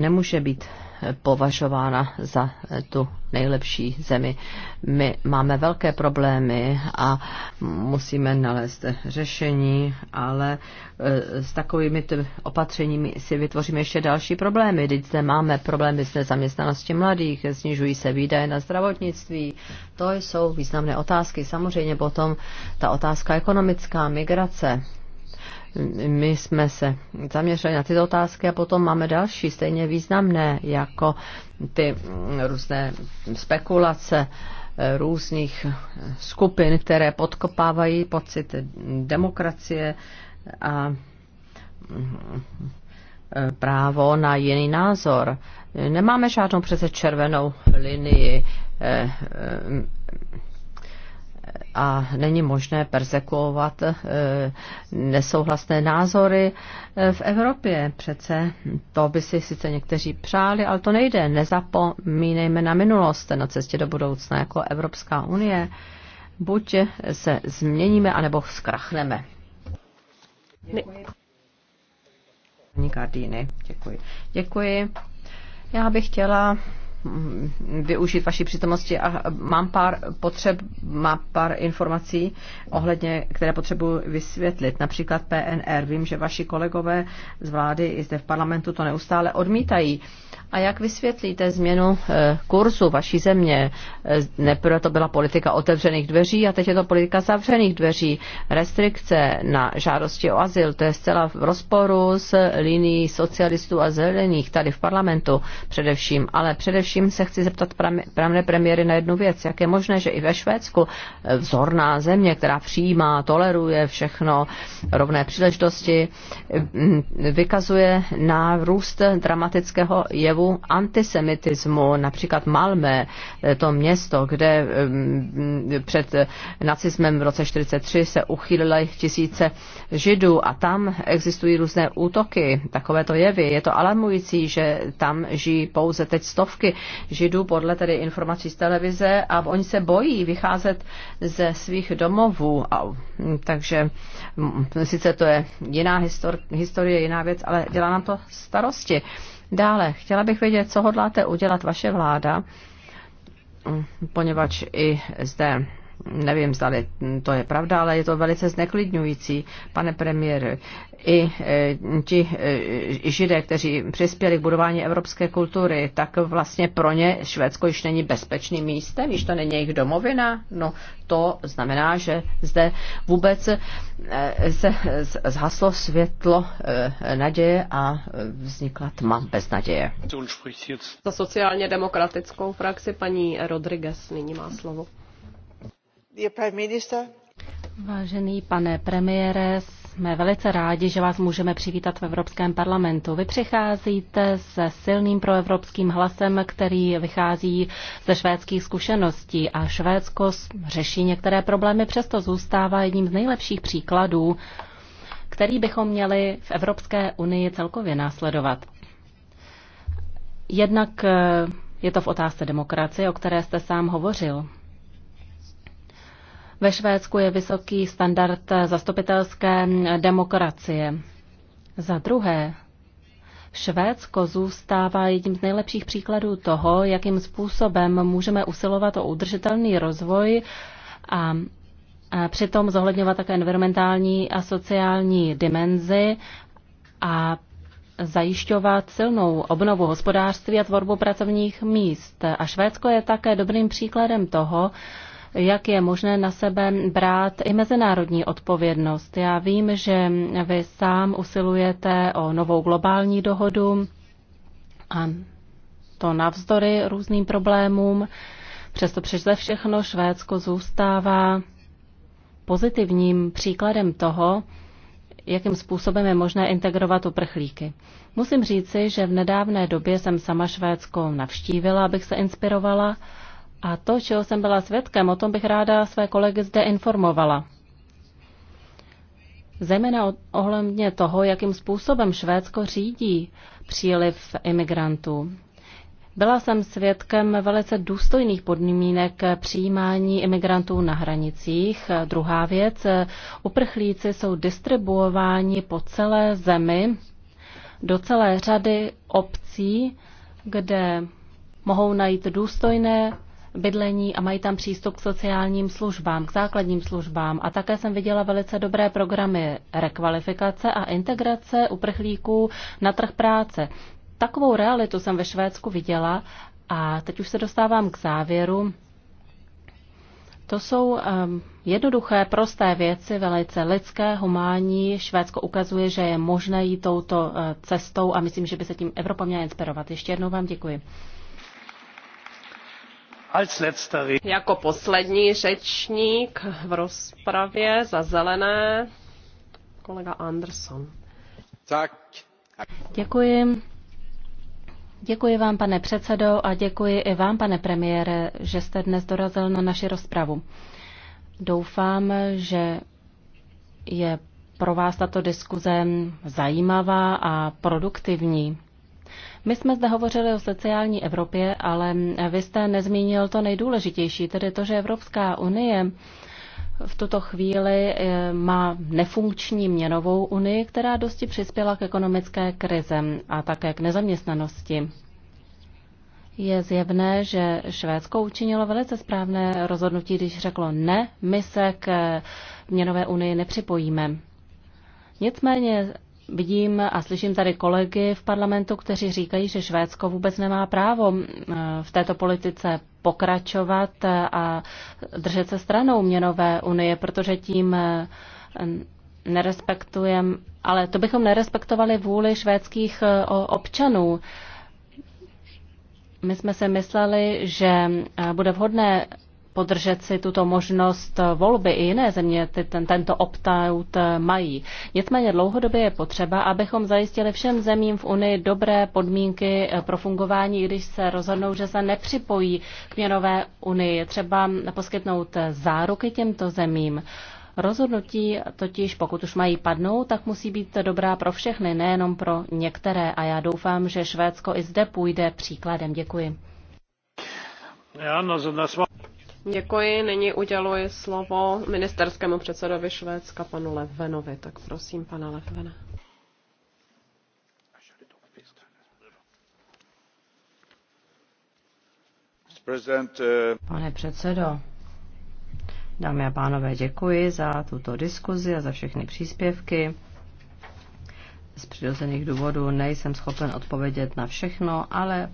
více postižena situací která je nepřijatelná pro považována za tu nejlepší zemi. My máme velké problémy a musíme nalézt řešení, ale e, s takovými opatřeními si vytvoříme ještě další problémy. Teď zde máme problémy s nezaměstnaností mladých, snižují se výdaje na zdravotnictví. To jsou významné otázky. Samozřejmě potom ta otázka ekonomická, migrace, my jsme se zaměřili na tyto otázky a potom máme další stejně významné, jako ty různé spekulace eh, různých eh, skupin, které podkopávají pocit demokracie a eh, právo na jiný názor. Nemáme žádnou přece červenou linii a není možné persekuovat eh, nesouhlasné názory eh, v Evropě. Přece to by si sice někteří přáli, ale to nejde. Nezapomínejme na minulost na cestě do budoucna jako Evropská unie. Buď se změníme, anebo zkrachneme. Děkuji. děkuji. Děkuji. Já bych chtěla využít vaší přítomnosti a mám pár potřeb, mám pár informací ohledně, které potřebuji vysvětlit. Například PNR. Vím, že vaši kolegové z vlády i zde v parlamentu to neustále odmítají. A jak vysvětlíte změnu eh, kurzu vaší země? Eh, neprve to byla politika otevřených dveří a teď je to politika zavřených dveří. Restrikce na žádosti o azyl, to je zcela v rozporu s linií socialistů a zelených tady v parlamentu především. Ale především se chci zeptat pravné premiéry na jednu věc. Jak je možné, že i ve Švédsku eh, vzorná země, která přijímá, toleruje všechno, rovné příležitosti, vykazuje nárůst dramatického jevu projevů antisemitismu, například Malmé, eh, to město, kde eh, mm, před eh, nacismem v roce 43 se uchýlily tisíce židů a tam existují různé útoky, takovéto jevy. Je to alarmující, že tam žijí pouze teď stovky židů podle tedy informací z televize a oni se bojí vycházet ze svých domovů. A, mm, takže mm, sice to je jiná historie, jiná věc, ale dělá nám to starosti. Dále, chtěla bych vědět, co hodláte udělat vaše vláda, poněvadž i zde Nevím, zda to je pravda, ale je to velice zneklidňující, pane premiére. I eh, ti eh, židé, kteří přispěli k budování evropské kultury, tak vlastně pro ně Švédsko již není bezpečným místem, již to není jejich domovina. No to znamená, že zde vůbec eh, se zhaslo světlo naděje a vznikla tma bez naděje. Za sociálně demokratickou frakci paní Rodriguez nyní má slovo. Vážený pane premiére, jsme velice rádi, že vás můžeme přivítat v Evropském parlamentu. Vy přicházíte se silným proevropským hlasem, který vychází ze švédských zkušeností a Švédsko řeší některé problémy, přesto zůstává jedním z nejlepších příkladů, který bychom měli v Evropské unii celkově následovat. Jednak eh, je to v otázce demokracie, o které jste sám hovořil. Ve Švédsku je vysoký standard zastupitelské demokracie. Za druhé, Švédsko zůstává jedním z nejlepších příkladů toho, jakým způsobem můžeme usilovat o udržitelný rozvoj a přitom zohledňovat také environmentální a sociální dimenzi a zajišťovat silnou obnovu hospodářství a tvorbu pracovních míst. A Švédsko je také dobrým příkladem toho, jak je možné na sebe brát i mezinárodní odpovědnost. Já vím, že vy sám usilujete o novou globální dohodu a to navzdory různým problémům. Přesto přeze všechno Švédsko zůstává pozitivním příkladem toho, jakým způsobem je možné integrovat uprchlíky. Musím říci, že v nedávné době jsem sama Švédsko navštívila, abych se inspirovala a to, čeho jsem byla svědkem, o tom bych ráda své kolegy zde informovala. Zejména ohledně toho, jakým způsobem Švédsko řídí příliv imigrantů. Byla jsem svědkem velice důstojných podmínek přijímání imigrantů na hranicích. Druhá věc, uprchlíci jsou distribuováni po celé zemi do celé řady obcí, kde mohou najít důstojné bydlení a mají tam přístup k sociálním službám, k základním službám. A také jsem viděla velice dobré programy rekvalifikace a integrace uprchlíků na trh práce. Takovou realitu jsem ve Švédsku viděla a teď už se dostávám k závěru. To jsou um, jednoduché, prosté věci, velice lidské, humánní. Švédsko ukazuje, že je možné jít touto eh, cestou a myslím, že by se tím Evropa měla inspirovat. Ještě jednou vám děkuji. Jako poslední řečník v rozpravě za zelené kolega Anderson. Tak. Děkuji. Děkuji vám, pane předsedo, a děkuji i vám, pane premiére, že jste dnes dorazil na naši rozpravu. Doufám, že je pro vás tato diskuze zajímavá a produktivní. My jsme zde hovořili o sociální Evropě, ale vy jste nezmínil to nejdůležitější, tedy to, že Evropská unie v tuto chvíli eh, má nefunkční měnovou unii, která dosti přispěla k ekonomické krize a také k nezaměstnanosti. Je zjevné, že Švédsko učinilo velice správné rozhodnutí, když řeklo ne, my se k měnové unii nepřipojíme. Nicméně Vidím a slyším tady kolegy v parlamentu, kteří říkají, že Švédsko vůbec nemá právo eh, v této politice pokračovat a držet se stranou měnové unie, protože tím eh, nerespektujeme, ale to bychom nerespektovali vůli švédských eh, občanů. My jsme si mysleli, že bude vhodné podržet si tuto možnost volby. I jiné země ty, ten, tento opt-out eh, mají. Nicméně dlouhodobě je potřeba, abychom zajistili všem zemím v Unii dobré podmínky eh, pro fungování, když se rozhodnou, že se nepřipojí k měnové unii. Je třeba poskytnout eh, záruky těmto zemím. Rozhodnutí totiž, pokud už mají padnout, tak musí být dobrá pro všechny, nejenom pro některé. A já doufám, že Švédsko i zde půjde příkladem. Děkuji. Děkuji. Nyní uděluji slovo ministerskému předsedovi Švédska, panu Levenovi. Tak prosím, pana Levena. Pane předsedo, dámy a pánové, děkuji za tuto diskuzi a za všechny příspěvky z přirozených důvodů nejsem schopen odpovědět na všechno, ale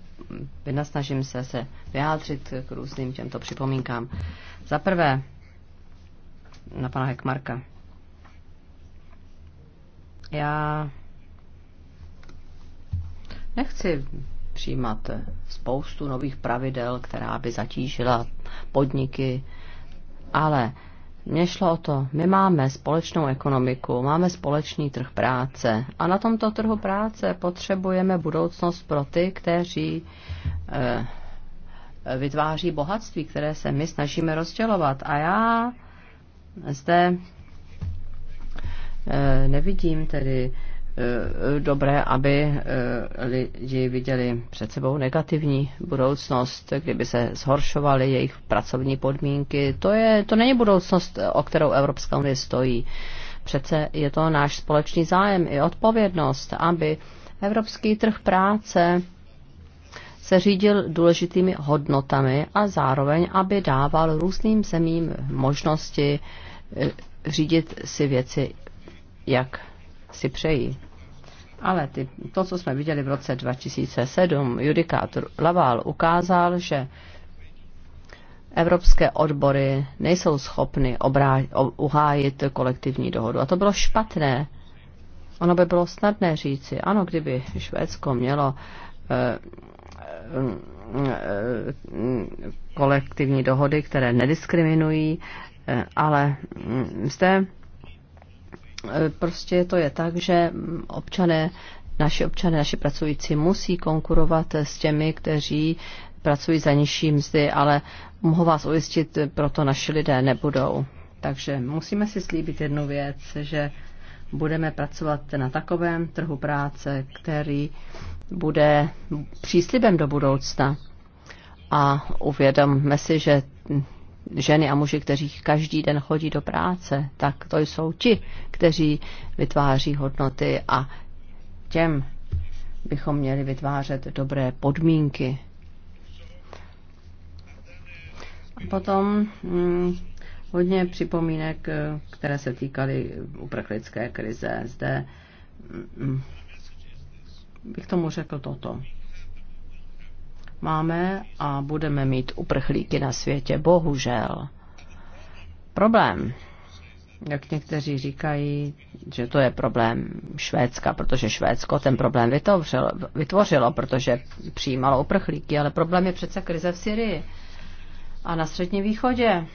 vynasnažím se se vyjádřit k různým těmto připomínkám. Za prvé, na pana Hekmarka. Já nechci přijímat spoustu nových pravidel, která by zatížila podniky, ale mně šlo o to, my máme společnou ekonomiku, máme společný trh práce a na tomto trhu práce potřebujeme budoucnost pro ty, kteří e, vytváří bohatství, které se my snažíme rozdělovat. A já zde e, nevidím tedy Eh, dobré, aby eh, lidi viděli před sebou negativní budoucnost, kdyby se zhoršovaly jejich pracovní podmínky. To, je, to není budoucnost, o kterou Evropská unie stojí. Přece je to náš společný zájem i odpovědnost, aby evropský trh práce se řídil důležitými hodnotami a zároveň, aby dával různým zemím možnosti eh, řídit si věci, jak si přeji. Ale ty, to, co jsme viděli v roce 2007, judikátor Laval ukázal, že evropské odbory nejsou schopny obrá- uhájit kolektivní dohodu. A to bylo špatné. Ono by bylo snadné říci, ano, kdyby Švédsko mělo eh, eh kolektivní dohody, které nediskriminují, eh, ale hm, zde Eh, prostě to je tak, že mm, občané, naši občané, naši pracující musí konkurovat eh, s těmi, kteří pracují za nižší mzdy, ale mohu vás ujistit, eh, proto naši lidé nebudou. Takže musíme si slíbit jednu věc, že budeme pracovat na takovém trhu práce, který bude příslibem do budoucna. A uvědomme si, že mm, ženy a muži, kteří každý den chodí do práce, tak to jsou ti, kteří vytváří hodnoty a těm bychom měli vytvářet dobré podmínky. A potom hm, hodně připomínek, které se týkaly uprchlické krize. Zde hm, bych tomu řekl toto máme a budeme mít uprchlíky na světě, bohužel. Problém, jak někteří říkají, že to je problém Švédska, protože Švédsko ten problém vytvořilo, vytvořilo protože přijímalo uprchlíky, ale problém je přece krize v Syrii a na Středním východě,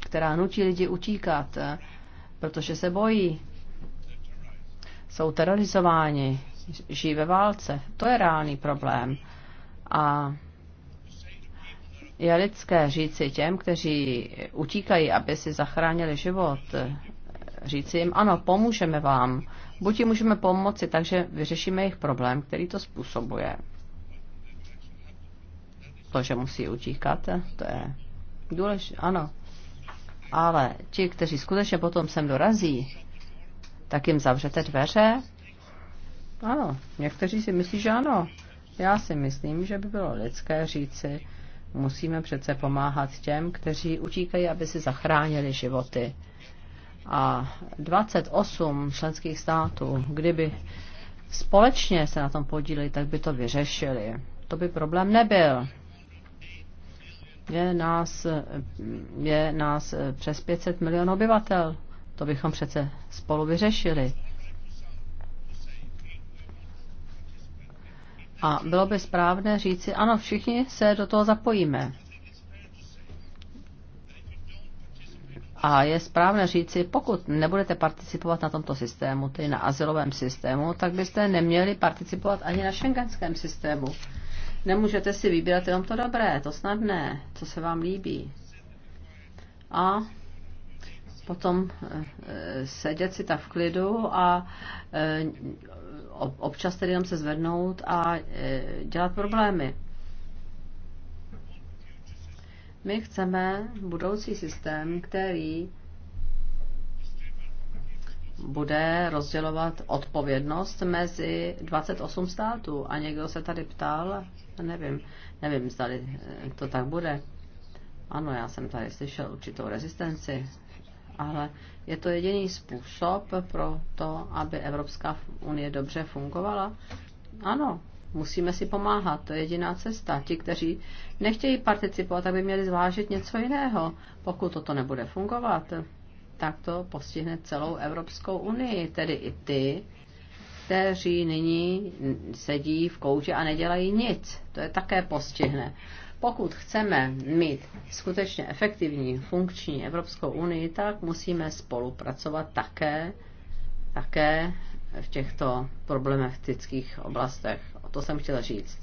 která nutí lidi utíkat, protože se bojí, jsou terorizováni, žijí ve válce. To je reálný problém. A je lidské říci těm, kteří utíkají, aby si zachránili život, říci jim, ano, pomůžeme vám, buď jim můžeme pomoci, takže vyřešíme jejich problém, který to způsobuje. To, že musí utíkat, to je důležité, ano. Ale ti, kteří skutečně potom sem dorazí, tak jim zavřete dveře? Ano, někteří si myslí, že ano. Já si myslím, že by bylo lidské říci, musíme přece pomáhat těm, kteří utíkají, aby si zachránili životy. A 28 členských států, kdyby společně se na tom podíleli, tak by to vyřešili. To by problém nebyl. Je nás, je nás přes 500 milionů obyvatel. To bychom přece spolu vyřešili. A bylo by správné říci, ano, všichni se do toho zapojíme. A je správné říci, pokud nebudete participovat na tomto systému, tedy na asilovém systému, tak byste neměli participovat ani na šengenském systému. Nemůžete si vybírat jenom to dobré, to snadné, co se vám líbí. A potom e, sedět si tak v klidu a eh, občas tedy jenom se zvednout a e, dělat problémy. My chceme budoucí systém, který bude rozdělovat odpovědnost mezi 28 států. A někdo se tady ptal, nevím, nevím, zda to tak bude. Ano, já jsem tady slyšel určitou rezistenci ale je to jediný způsob pro to, aby Evropská unie dobře fungovala? Ano, musíme si pomáhat, to je jediná cesta. Ti, kteří nechtějí participovat, aby měli zvážit něco jiného. Pokud toto nebude fungovat, tak to postihne celou Evropskou unii, tedy i ty, kteří nyní sedí v koutě a nedělají nic. To je také postihne pokud chceme mít skutečně efektivní, funkční Evropskou unii, tak musíme spolupracovat také, také v těchto problematických oblastech. O to jsem chtěla říct.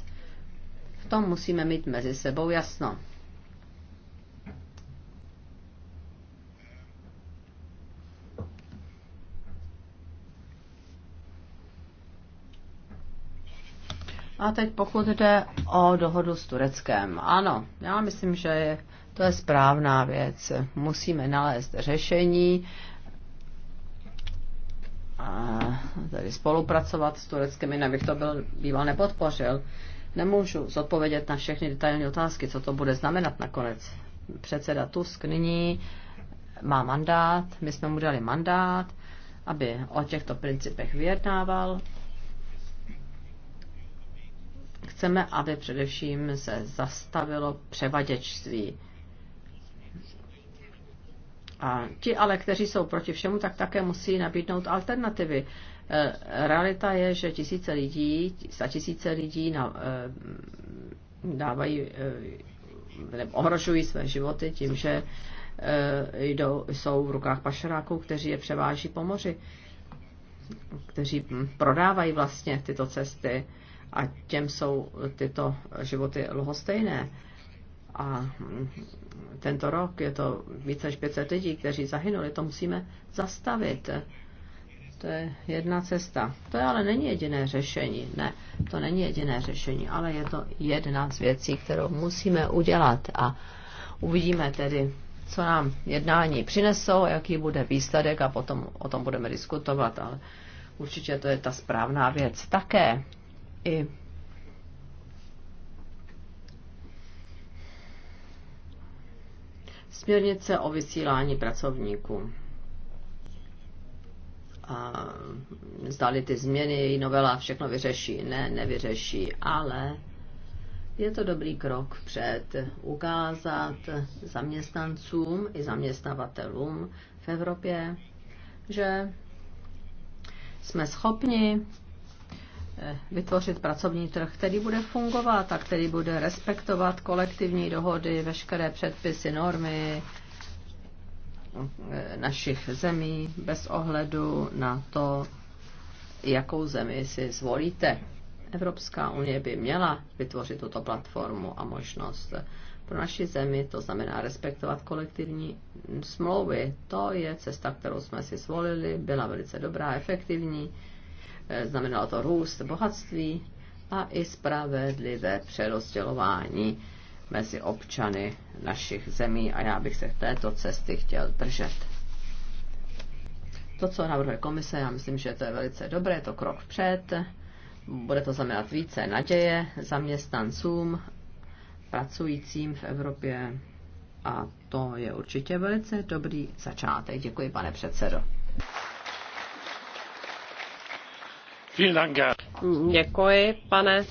V tom musíme mít mezi sebou jasno. A teď pokud jde o dohodu s Tureckem. Ano, já myslím, že je, to je správná věc. Musíme nalézt řešení, a tady spolupracovat s Tureckem, jinak bych to byl, býval nepodpořil. Nemůžu zodpovědět na všechny detailní otázky, co to bude znamenat nakonec. Předseda Tusk nyní má mandát, my jsme mu dali mandát, aby o těchto principech vyjednával Chceme, aby především se zastavilo převaděčství. A ti ale, kteří jsou proti všemu, tak také musí nabídnout alternativy. E, realita je, že tisíce lidí, sta tisíce lidí e, dávají, e, nebo ohrožují své životy tím, že jdou, jsou v rukách pašeráků, kteří je převáží po moři, kteří prodávají vlastně tyto cesty a těm jsou tyto životy lhostejné. A tento rok je to více než 500 lidí, kteří zahynuli, to musíme zastavit. To je jedna cesta. To je ale není jediné řešení. Ne, to není jediné řešení, ale je to jedna z věcí, kterou musíme udělat. A uvidíme tedy, co nám jednání přinesou, jaký bude výsledek a potom o tom budeme diskutovat. Ale určitě to je ta správná věc také i směrnice o vysílání pracovníků. A zdali ty změny, její novela všechno vyřeší. Ne, nevyřeší, ale je to dobrý krok před ukázat zaměstnancům i zaměstnavatelům v Evropě, že jsme schopni Eh, vytvořit pracovní trh, který bude fungovat a který bude respektovat kolektivní dohody, veškeré předpisy, normy eh, našich zemí bez ohledu na to, jakou zemi si zvolíte. Evropská unie by měla vytvořit tuto platformu a možnost eh, pro naši zemi, to znamená respektovat kolektivní smlouvy. To je cesta, kterou jsme si zvolili, byla velice dobrá, efektivní Eh, znamenalo to růst bohatství a i spravedlivé přerozdělování mezi občany našich zemí a já bych se této cesty chtěl držet. To, co navrhuje komise, já myslím, že to je velice dobré, je to krok před, bude to znamenat více naděje zaměstnancům, pracujícím v Evropě a to je určitě velice dobrý začátek. Děkuji, pane předsedo. Děkuji, pane